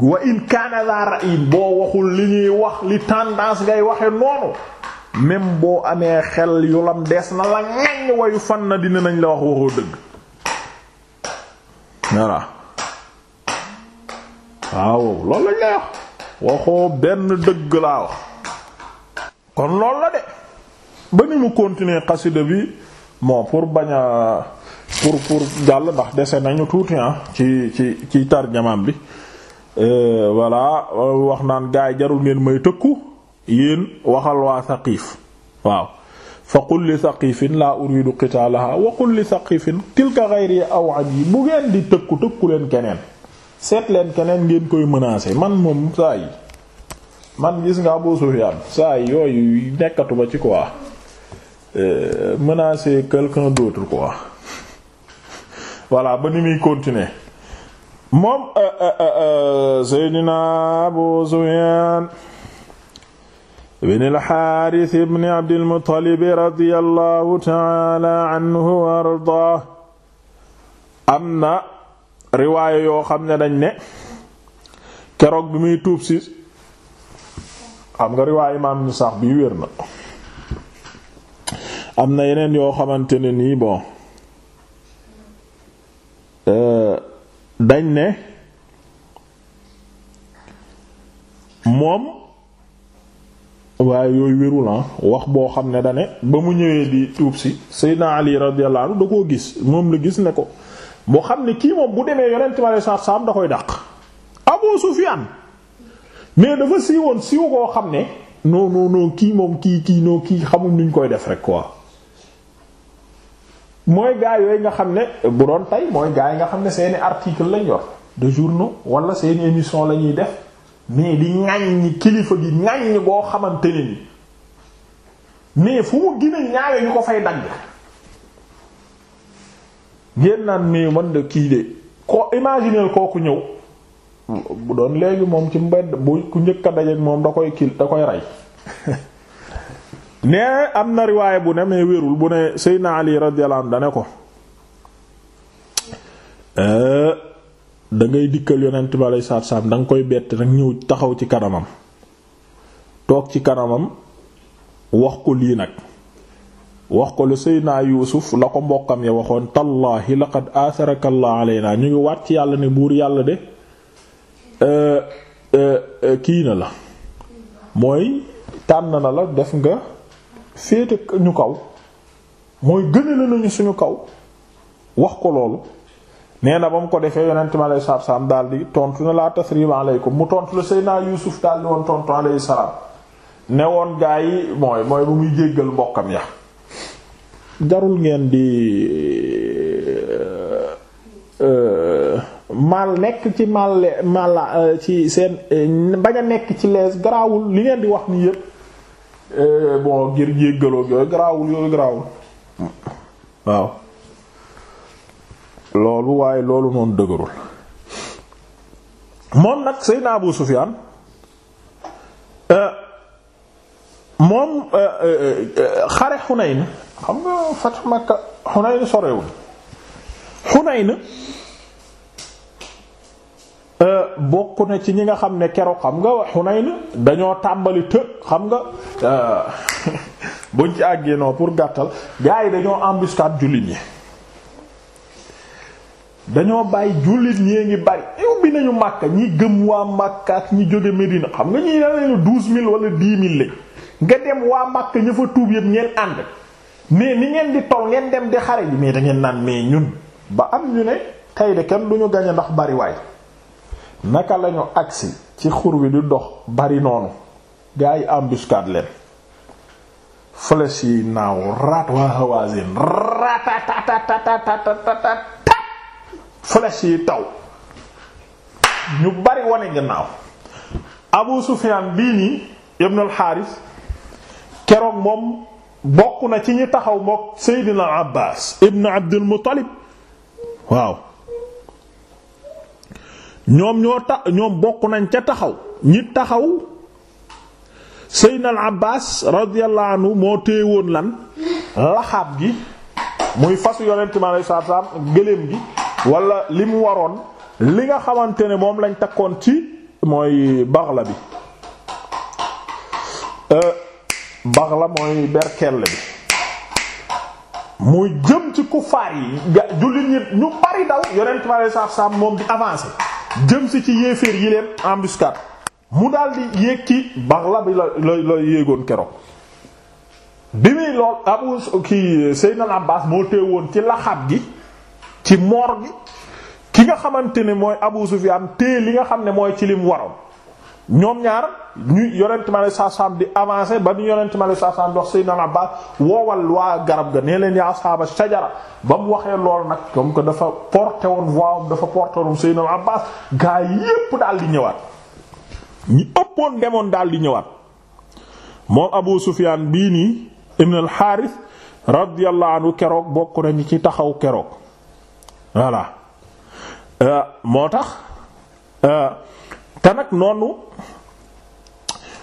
wa in kaana za boo waxul li ñuy wax li tendance ngay waxe noonu même boo amee xel yu lam des na la ngañ wayu fan na dina nañ la wax waxoo dëgg waaw loolu lañ lay wax waxoo benn dëgg laa wax kon loolu la de ba ni mu continuer xasida bi moo pour bañ a pour pour jàll ndax dese nañu tuuti ah, ci ci ci tarjamaam bi euh, voilà wax naan gaay jarul ngeen may tëkku yéen waxal waa saqiif waaw fa qul li saqifin laa uridu qitaalaha wa qul li saqifin tilka ghayri aw yi bu ngeen di tëkku tëkku leen keneen seet leen keneen ngeen koy menacer man moom saa man gis nga Abu Sufyan saa yi yooyu nekkatuma ci quoi euh, menacer quelqu'un d'autre quoi voilà ba ni muy continuer moom euh, euh, Seydina Abu Sufyan ibn al-Harith ibn Abd al-Muttalib am na riwaaya yoo xam ne dañ ne keroog bi muy tuub si xam nga riwaaya imaam ni sax bi wér na am na yeneen yoo xamante ne nii bon euh, dañ ne moom waaye yooyu wérul ah, wax boo xam ne da ba mu ñëwee di tuub si Seydina Ali radiyallahu anhu da koo gis moom la gis ne ko boo xam ne kii moom bu demee yonent ma lay saaf saam da koy dàq. Abu Sufyan mais dafa siiwoon siiw koo xam ne non non kii moom kii kii non kii xamuñ nuñ koy def rek quoi. mooy gaa yooyu nga xam ne bu doon tey mooy gaa yi nga xam ne seeni article lañ yor de journaux wala seeni émission lañuy def mais di ŋaññi kilifa gi ŋaññi boo xamante ne ni mais fu mu gën a ñaawe ñu ko fay dagg. ngeen naan mais man de kii de ko imaginer kooku ñëw bu doon léegi moom ci mbedd bu ku njëkk a dajeek moom da koy kil da koy rey nee am na riwaay bu ne mais wérul bu ne Seydina Ali radiyallahu anhu da dane ko euh, dangay dikkal yonent bi aleyhi salaatu salaam danga koy bett nag ñëw taxaw ci kanamam toog ci kanamam wax ko lii nag wax ko lu Seydina Yuusuf la ko mbokkam ya waxoon tallaahi laqad atharaka Allah alayna ñu ngi wàcc yàlla ne buur yàlla de eh, eh, eh, kii na la mooy tànn na la def nga féete ñu kaw mooy gënale nañu suñu kaw wax ko loolu nee na ba mu ko defee yonent mi alayhi salaatu salaam daal di tontu ne laa tasriba aleykum mu tontu la Seydina Yuusuf daal di woon tontu alayhi salaam ne woon gaa yi mooy mooy bu muy jéggal mbokkam ya jarul ngeen di eh, eh, mal nekk ci mal mal eh, ci seen bañ a nekk ci lees garaawul li ngeen di wax ni yépp bon ngir jéggaloo yooyu garaawul yooyu garaawul waaw loolu waaye loolu noonu dëgërul moom nag Seydina Abu Sufyaan moom xare na xam nga fat makk Makka Hunayn sorewul Hunayn euh, bokk na ci ñi nga xam ne keroog xam nga Hunayn dañoo tàmbali të xam nga euh, buñ ci àggee non pour gàttal gaa yi dañoo embuscade jullit yi dañoo bàyyi jullit ñee ngi bari yow bi nañu Makka ñi gëm waa Makka ak ñi jóge Medina xam nga ñi ne leen douze mille wala dix mille lañ nga dem waa Makka ña fa tuub yëpp ñeen ànd mais ni ngeen di toll ngeen dem di xare ji mais da naan mais ñun ba am ñu ne tey de kenn du ñu gañe ndax bari waay naka lañu agsi ci xur wi di dox bari noonu gaa yi embuscade leen flèche yi naaw raat taw ñu bari wone gannaaw Abu Sufyan bii nii ibn al keroog moom bokk na ci ñi taxaw mook Seydina Abbas ibn Abdul Muttalib waaw ñoom ñoo ta ñoom bokk nañ ca taxaw ñi taxaw Seydina Abbas radiyallahu anhu moo téye woon lan laxaab gi muy fasu yonent mi alayhi salaatu gi wala li mu waroon li nga xamante ne moom lañ takkoon ci mooy baxla bi. Euh, mbax la mooy berkelle bi muy jëm ci kufaar yi ga jullit ñi ñu bari daw yonent bi alei satu salaam moom di avancer jëm si ci yéeféer yi leen embuscade mu daal yéeg ci mbax la bi la la la yéegoon keroog bi muy lool abu ki Seydina Abbas moo teewoon ci laxab gi ci moor gi ki nga xamante ne mooy Abu Sufyan téye li nga xam ne mooy ci lim waroon ñoom ñaar ñu yonent ma lay saasaam di avancé ba ñu yonent ma lay saasaam di wax Seydina Abbaas woowal waa garab ga nee leen yaa saaba sajara ba mu waxee lool nag comme que dafa porté woon voix dafa porté woon Seydina Abbaas gaa yépp daal di ñëwaat ñi ëppoon demoon daal di ñëwaat moom Abu Sufyaan bii nii Ibn al-Haaris radiyallahu anhu keroog bokk nañu ci taxaw keroog voilà euh, moo tax. Euh, te nag noonu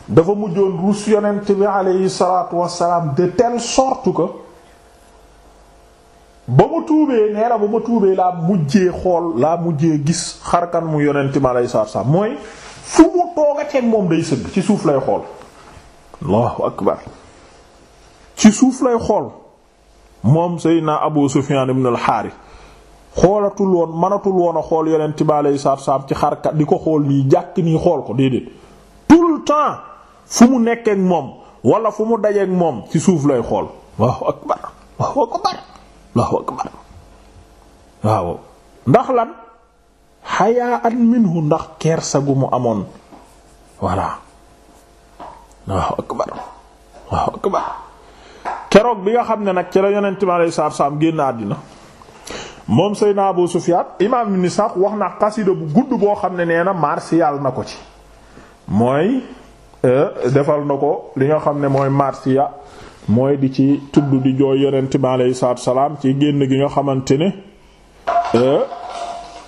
dafa mujjoon rus yonent bi aleyhi salaatu wassalaam de telle sorte que ba mu tuubee nee na ba mu tuubee laa mujjee xool laa mujjee gis xarkan mu yonent bi aleyhi salaatu wassalaam mooy fu mu toogateeg moom day sëgg ci suuf lay xool allahu akbar ci suuf lay xool moom naa Abu Sufyaan ibn al-Haarith xoolatul woon mënatul woon a xool yeneen bi alayhi salaatu wa ci xarkat di ko xool nii jàkk nii xool ko déedéet tout le temps fu mu nekkeek moom wala fu mu dajeek moom ci suuf lay xool waaw akbar waaw akbar waaw akbar waaw ndax lan xayaa an mu amoon voilà waaw waaw akbar keroog bi nga xam ne nag ci la yonent bi alayhi salaatu wa salaam génn àddina moom Seydina Abu Sufyan imaam Ibn Ishaq wax na xasida bu gudd boo xam ne nee na na ko ci mooy euh, defal na ko li nga xam ne mooy martial mooy di ci tudd di jooy yonent bi aleyhi salaatu ci génn gi nga xamante ne euh,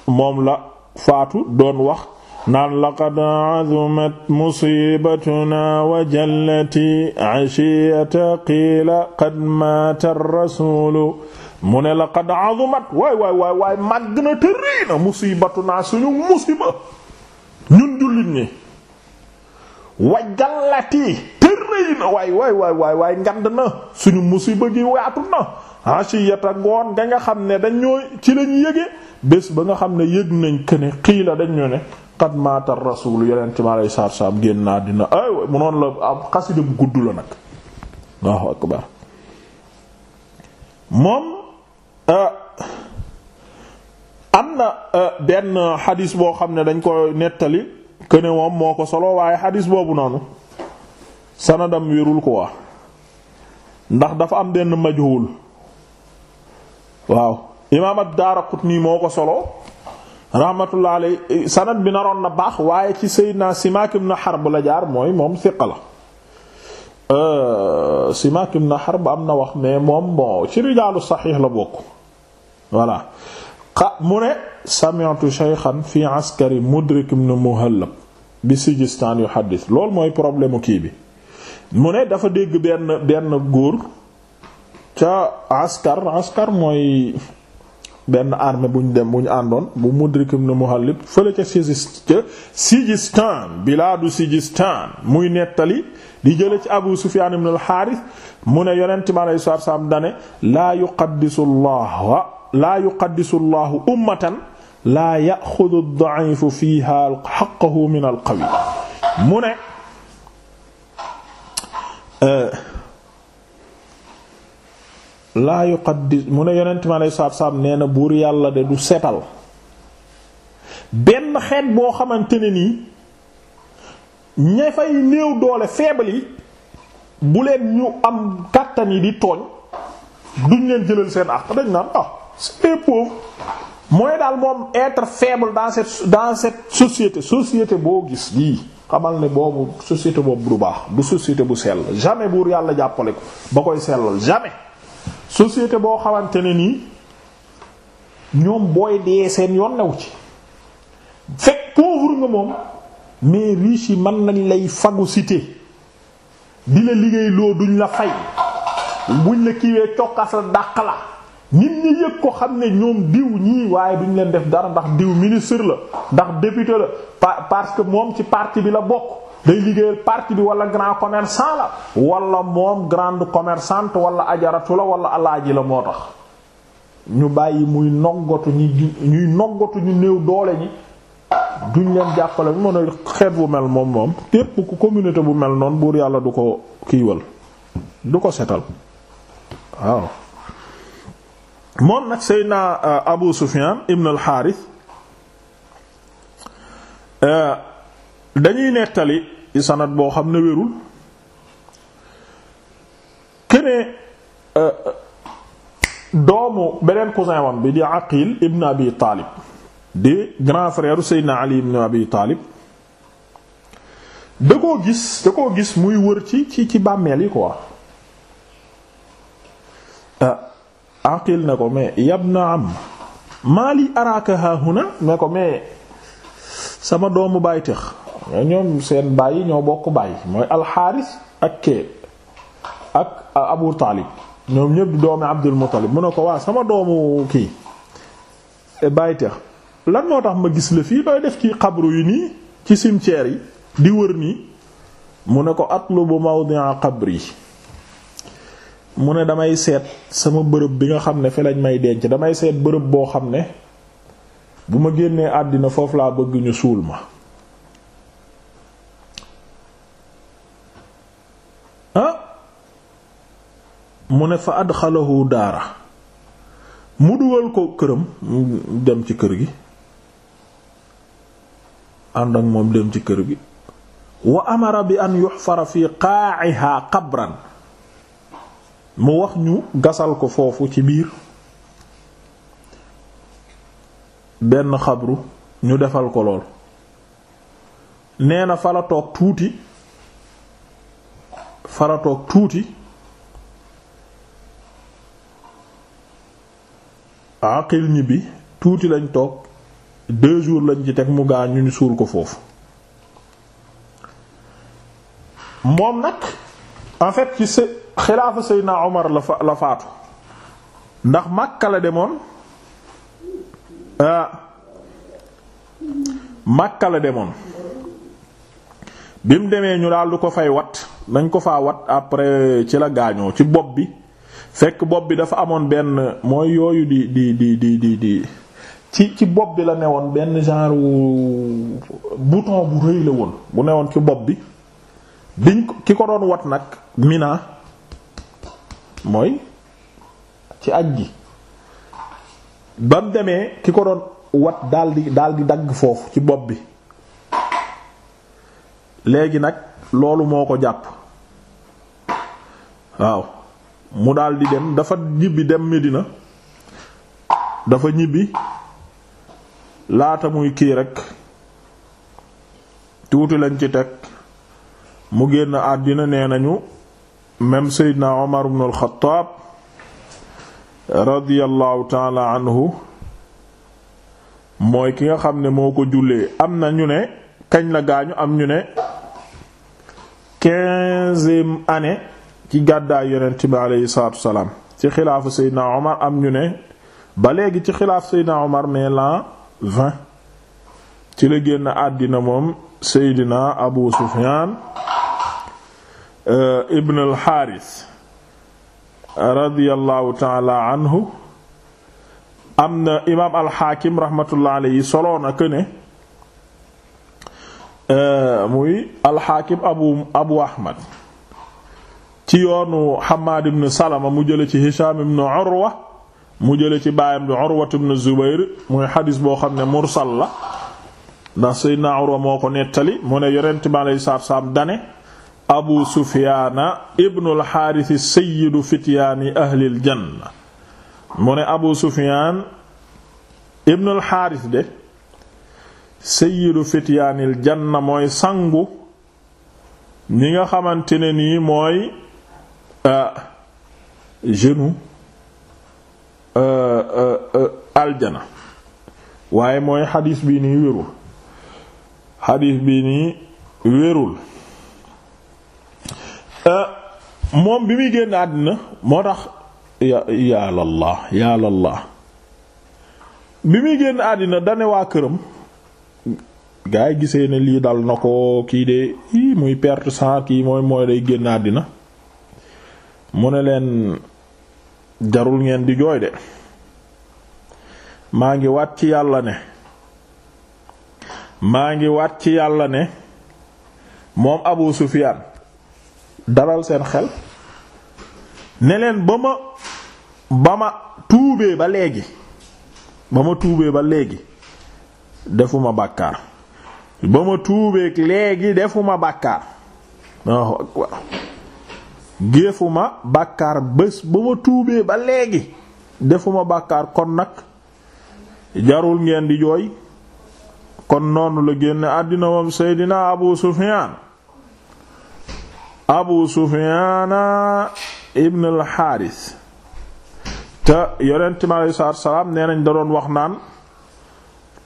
moom la faatu doon wax naan laqad azumat musibatuna wa jallati ashiyata qiila qad maata rasulu mu ne laqad azumat waay waay waay waay màgg na te na musibatu naa suñu musiba ñun jullit ñi wajallati te rëy na waay waay waay waay ngand na suñu musiba gi waatu na ashiyata ngoon ga nga xam ne dañoo ci lañ yëge bés ba nga xam ne yëg nañ këne xiila dañu ne qad maata rasul yonent mi alayhi salaatu salaam génn naa dina ay mu noonu la ab xasida bu gudd la nag moom Ah. am na ah, benn xadis boo xam ne dañ ko nettali que moom moo ko solo waaye xadis boobu noonu sanadam wérul ko waa ndax dafa am benn majhul waaw imaam ad-Daaraqutni moo ko solo rahmatullah alayhi sanad bi naroon na baax waaye ci naa Simaak ibn Harb la jaar mooy moom siqa la ah, Simaak na Harb am na wax mais moom bon ci rijaalu saxiix la bokk voilà xa mu ne sami'tu shaykhan fi askari mudrik ibn muhallab bi sijistaan yu xaddis loolu mooy problème kii bi mu ne dafa dégg benn benn góor ca askar askar mooy benn armée bu dem bu àndoon bu mudrik ibn muhallab fële ca sijist ca sijistaan bilaadu muy nettali di jële ci abu sufyaan ibn al xaaris mu ne yonent mi alayhi laa yuqaddisu allah laa yuqaddisu llahu ummatan laa yaxudu ad-da'ifu fiha haqqahu min al-qawi mu ne eh, laa yuqaddis mu ne yonent mi aleyhi salaatu salaam nee na buur yàlla de du setal benn xeet boo xamante ne nii ña fay néew doole feebal yi bu leen ñu am kàttan yi di tooñ duñ leen jëlal seen àq dañ naan ah c'est pauvre mooy daal moom être faible dans cette dans cette société société boo gis lii xamal ne boobu société boobu du baax du société bu sell jamais buur yàlla jàppale ko ba koy sellal jamais société boo xamante ne nii ñoom booy dee seen yoon new ci fekk pauvre nga moom mais riche yi man nañ lay fagu phagocyté di la liggéey loo duñ la fay buñ la kiiwee cokkas la dàq la nit ñi yëg ko xam ne ñoom diw ñii waaye duñ leen def dara ndax diw ministre la ndax député la parce que moom ci parti bi la bokk day liggéeyal parti bi wala grand commerçant la wala moom grande commerçante wala ajaratu la wala alaaji la moo tax ñu bàyyi muy noggatu ñi ñuy noggatu ñu néew doole ñi duñ leen jàppale mën a xeet bu mel moom moom képp ku communauté bu mel noonu buur yàlla du ko kiiwal du ko setal waaw moom nag Seydina euh, Abu Sufyan ibn al euh, dañuy nettali ci sanad boo xam ne wérul kene euh, doomu beneen cousin wam bi di Aqil ibn Abi Talib di grand frère Seydina Ali ibn Abi Talib da koo gis da koo gis muy wër ci ci ci bàmmeel yi quoi aqil na ko mais yabna am maali araka na ne ko mais sama doomu baay tëx ñoom seen baay yi ñoo bokk baay mooy alxaaris ak kee ak abu taalib ñoom ñëpp di doomi abdul muttalib mu ne ko waa sama doomu kii baay tëx lan moo tax ma gis la fii looy def ci xabru yi nii ci cimetière yi di wër nii mu ne ko atlubu mawdi'a qabri mu ne damay seet sama bërëb bi nga xam ne fi lañ may denc damay seet bërëb boo xam ne bu ma génnee àddina foofu laa bëgg ñu suul ma ah mu ne fa adxalahu daara mu dugal ko këram dem ci kër gi ànd ak moom dem ci kër gi wa amara bi an yuxfara fi qaa'iha qabran mu wax ñu gasal ko foofu ci biir benn xabru ñu defal ko lool nee na fala toog tuuti fala tuuti aqil ñi bi tuuti lañ toog deux jours lañ ci teg mu gaa ñu ñu suul ko foofu moom nag en fait ci se xilaafa Seydina Omar la fa la faatu ndax Makka la demoon ah la demoon bi mu demee ñu daal du ko fay wat nañ ko faa wat après ci la gaañoo ci bopp bi fekk bopp bi dafa amoon benn mooy yooyu di di di di di di ci ci bopp bi la newoon benn genre bouton bu rëy la woon bu newoon ci bopp bi. biñ ki ko doon wat nag Mina mooy ci aj gi ba demee ki ko doon wat daldi dagg foofu ci bopp bi léegi nag loolu moo ko jàpp waaw mu daldi dem dafa ñibbi dem Medina dafa ñibbi laata muy kii rekk tuuti lañ ci teg mu génn àddina nee nañu même Seydina Omar ibn al radiyallahu taala anhu mooy ki nga xam ne moo ko jullee am na ñu ne kañ la gaañu am ñu ne quinzième année ci gàddaay yonent bi aleyhi salaatu salaam ci xilaafu Seydina Omar am ñu ne ba léegi ci xilaaf Seydina Omar mais ci la génn àddina moom Seydina Abu Sufyaan Euh, ibn al-Haaris taala am na imaam al-Haakim yi alayhi solo na euh, muy al-Haakim abu abu Ahmad ci yoonu Hammaad ibn Salama mu jële ci Hishaam ibn Urwa mu jële ci baayam bi Urwa ibn Zubayr muy xadis boo xam ne mursal la ndax Seydina Urwa moo ko nettali mu ne yonent bi alayhi salaam dane abu sufiana ibnu alxaarisi sayidu fityaani ahlil janna mu ne abu sufian ibnu alxaaris de sayidu fityaanil janna mooy sangu ñi nga xamante ne nii mooy jeune euh, euh, euh, aljana waaye mooy xadiis bi nii wérul xadiis bii nii wérul Euh, moom bi muy génn àddina moo tax yaa Allah yaa Allah bi muy génn àddina dane waa këram gaay gise gisee ne lii dal na ko kii de i muy perte sang kii mooy mooy day génn àddina mu ne leen jarul ngeen di jooy de maa ngi waat ci yàlla ne maa ngi waat ci yàlla ne moom Abu Sufyaan dalal seen xel ne leen ba ma ba ma tuubee ba léegi ba ma tuubee ba léegi defuma bàkkaar ba ma tuubeek léegi defuma bàkkaar waaw géefuma bàkkaar bés ba ma tuubee ba léegi defuma bàkkaar kon nag jarul ngeen di jooy kon noonu la génn àddina moom Seydina Abu Sufyaan abu sufiana ibn alxaaris te yonent mi aleyhi salaatu salaam nee nañ da doon wax naan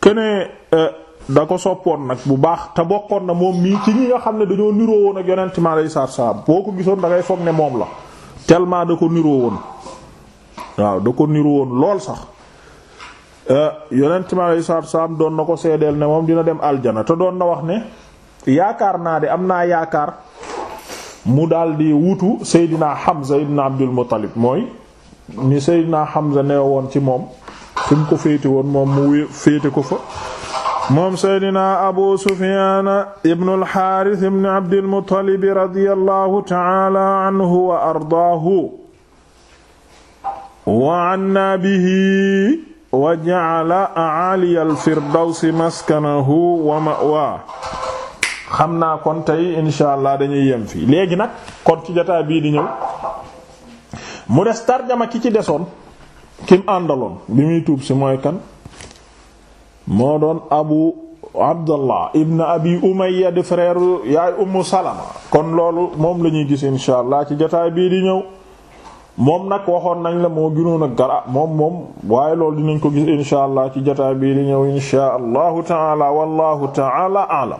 këne e, da ko soppoon nag bu baax te bokkoon na moom mii ci ñi nga xam ne dañoo niroo woon ak yonent mi aleyhi salaatu salaam boo ko gisoon da ngay foog ne moom la tellement da ko niroo woon waaw da ko niroo woon lool sax e, yonent mi aleyhi salaatu salaam doon na ko seedeel ne moom dina dem aljana te doon na wax ne yaakaar naa de am naa yaakaar mu daldi wutu Seydina Hamza ibn Abdul Muttalib mooy ni Seydina Hamza nee ci moom fi mu ko féete woon moom mu féete Seydina Abu Sufyan ibn al ibn Abdul Muttalib radiyallahu ta'ala anhu wa ardaahu wa anna bihi wa ja'ala a'ali al-firdawsi maskanahu wa ma'waahu xam naa kon tey insha allah dañuy yem fii léegi nag kon ci jotaay bii di ñëw mu des tarjama ki ci desoon kim àndaloon bi muy tuub si mooy kan moo doon abu abdallah ibn abi umayya di frère yaay ummu kon loolu moom la ñuy gis insha ci jotaay bii di ñëw moom nag waxoon nañ la moo gënoon a gara moom moom waaye loolu dinañ ko gis insha allah ci jotaay bii di ñëw insha allahu taala wallahu taala alam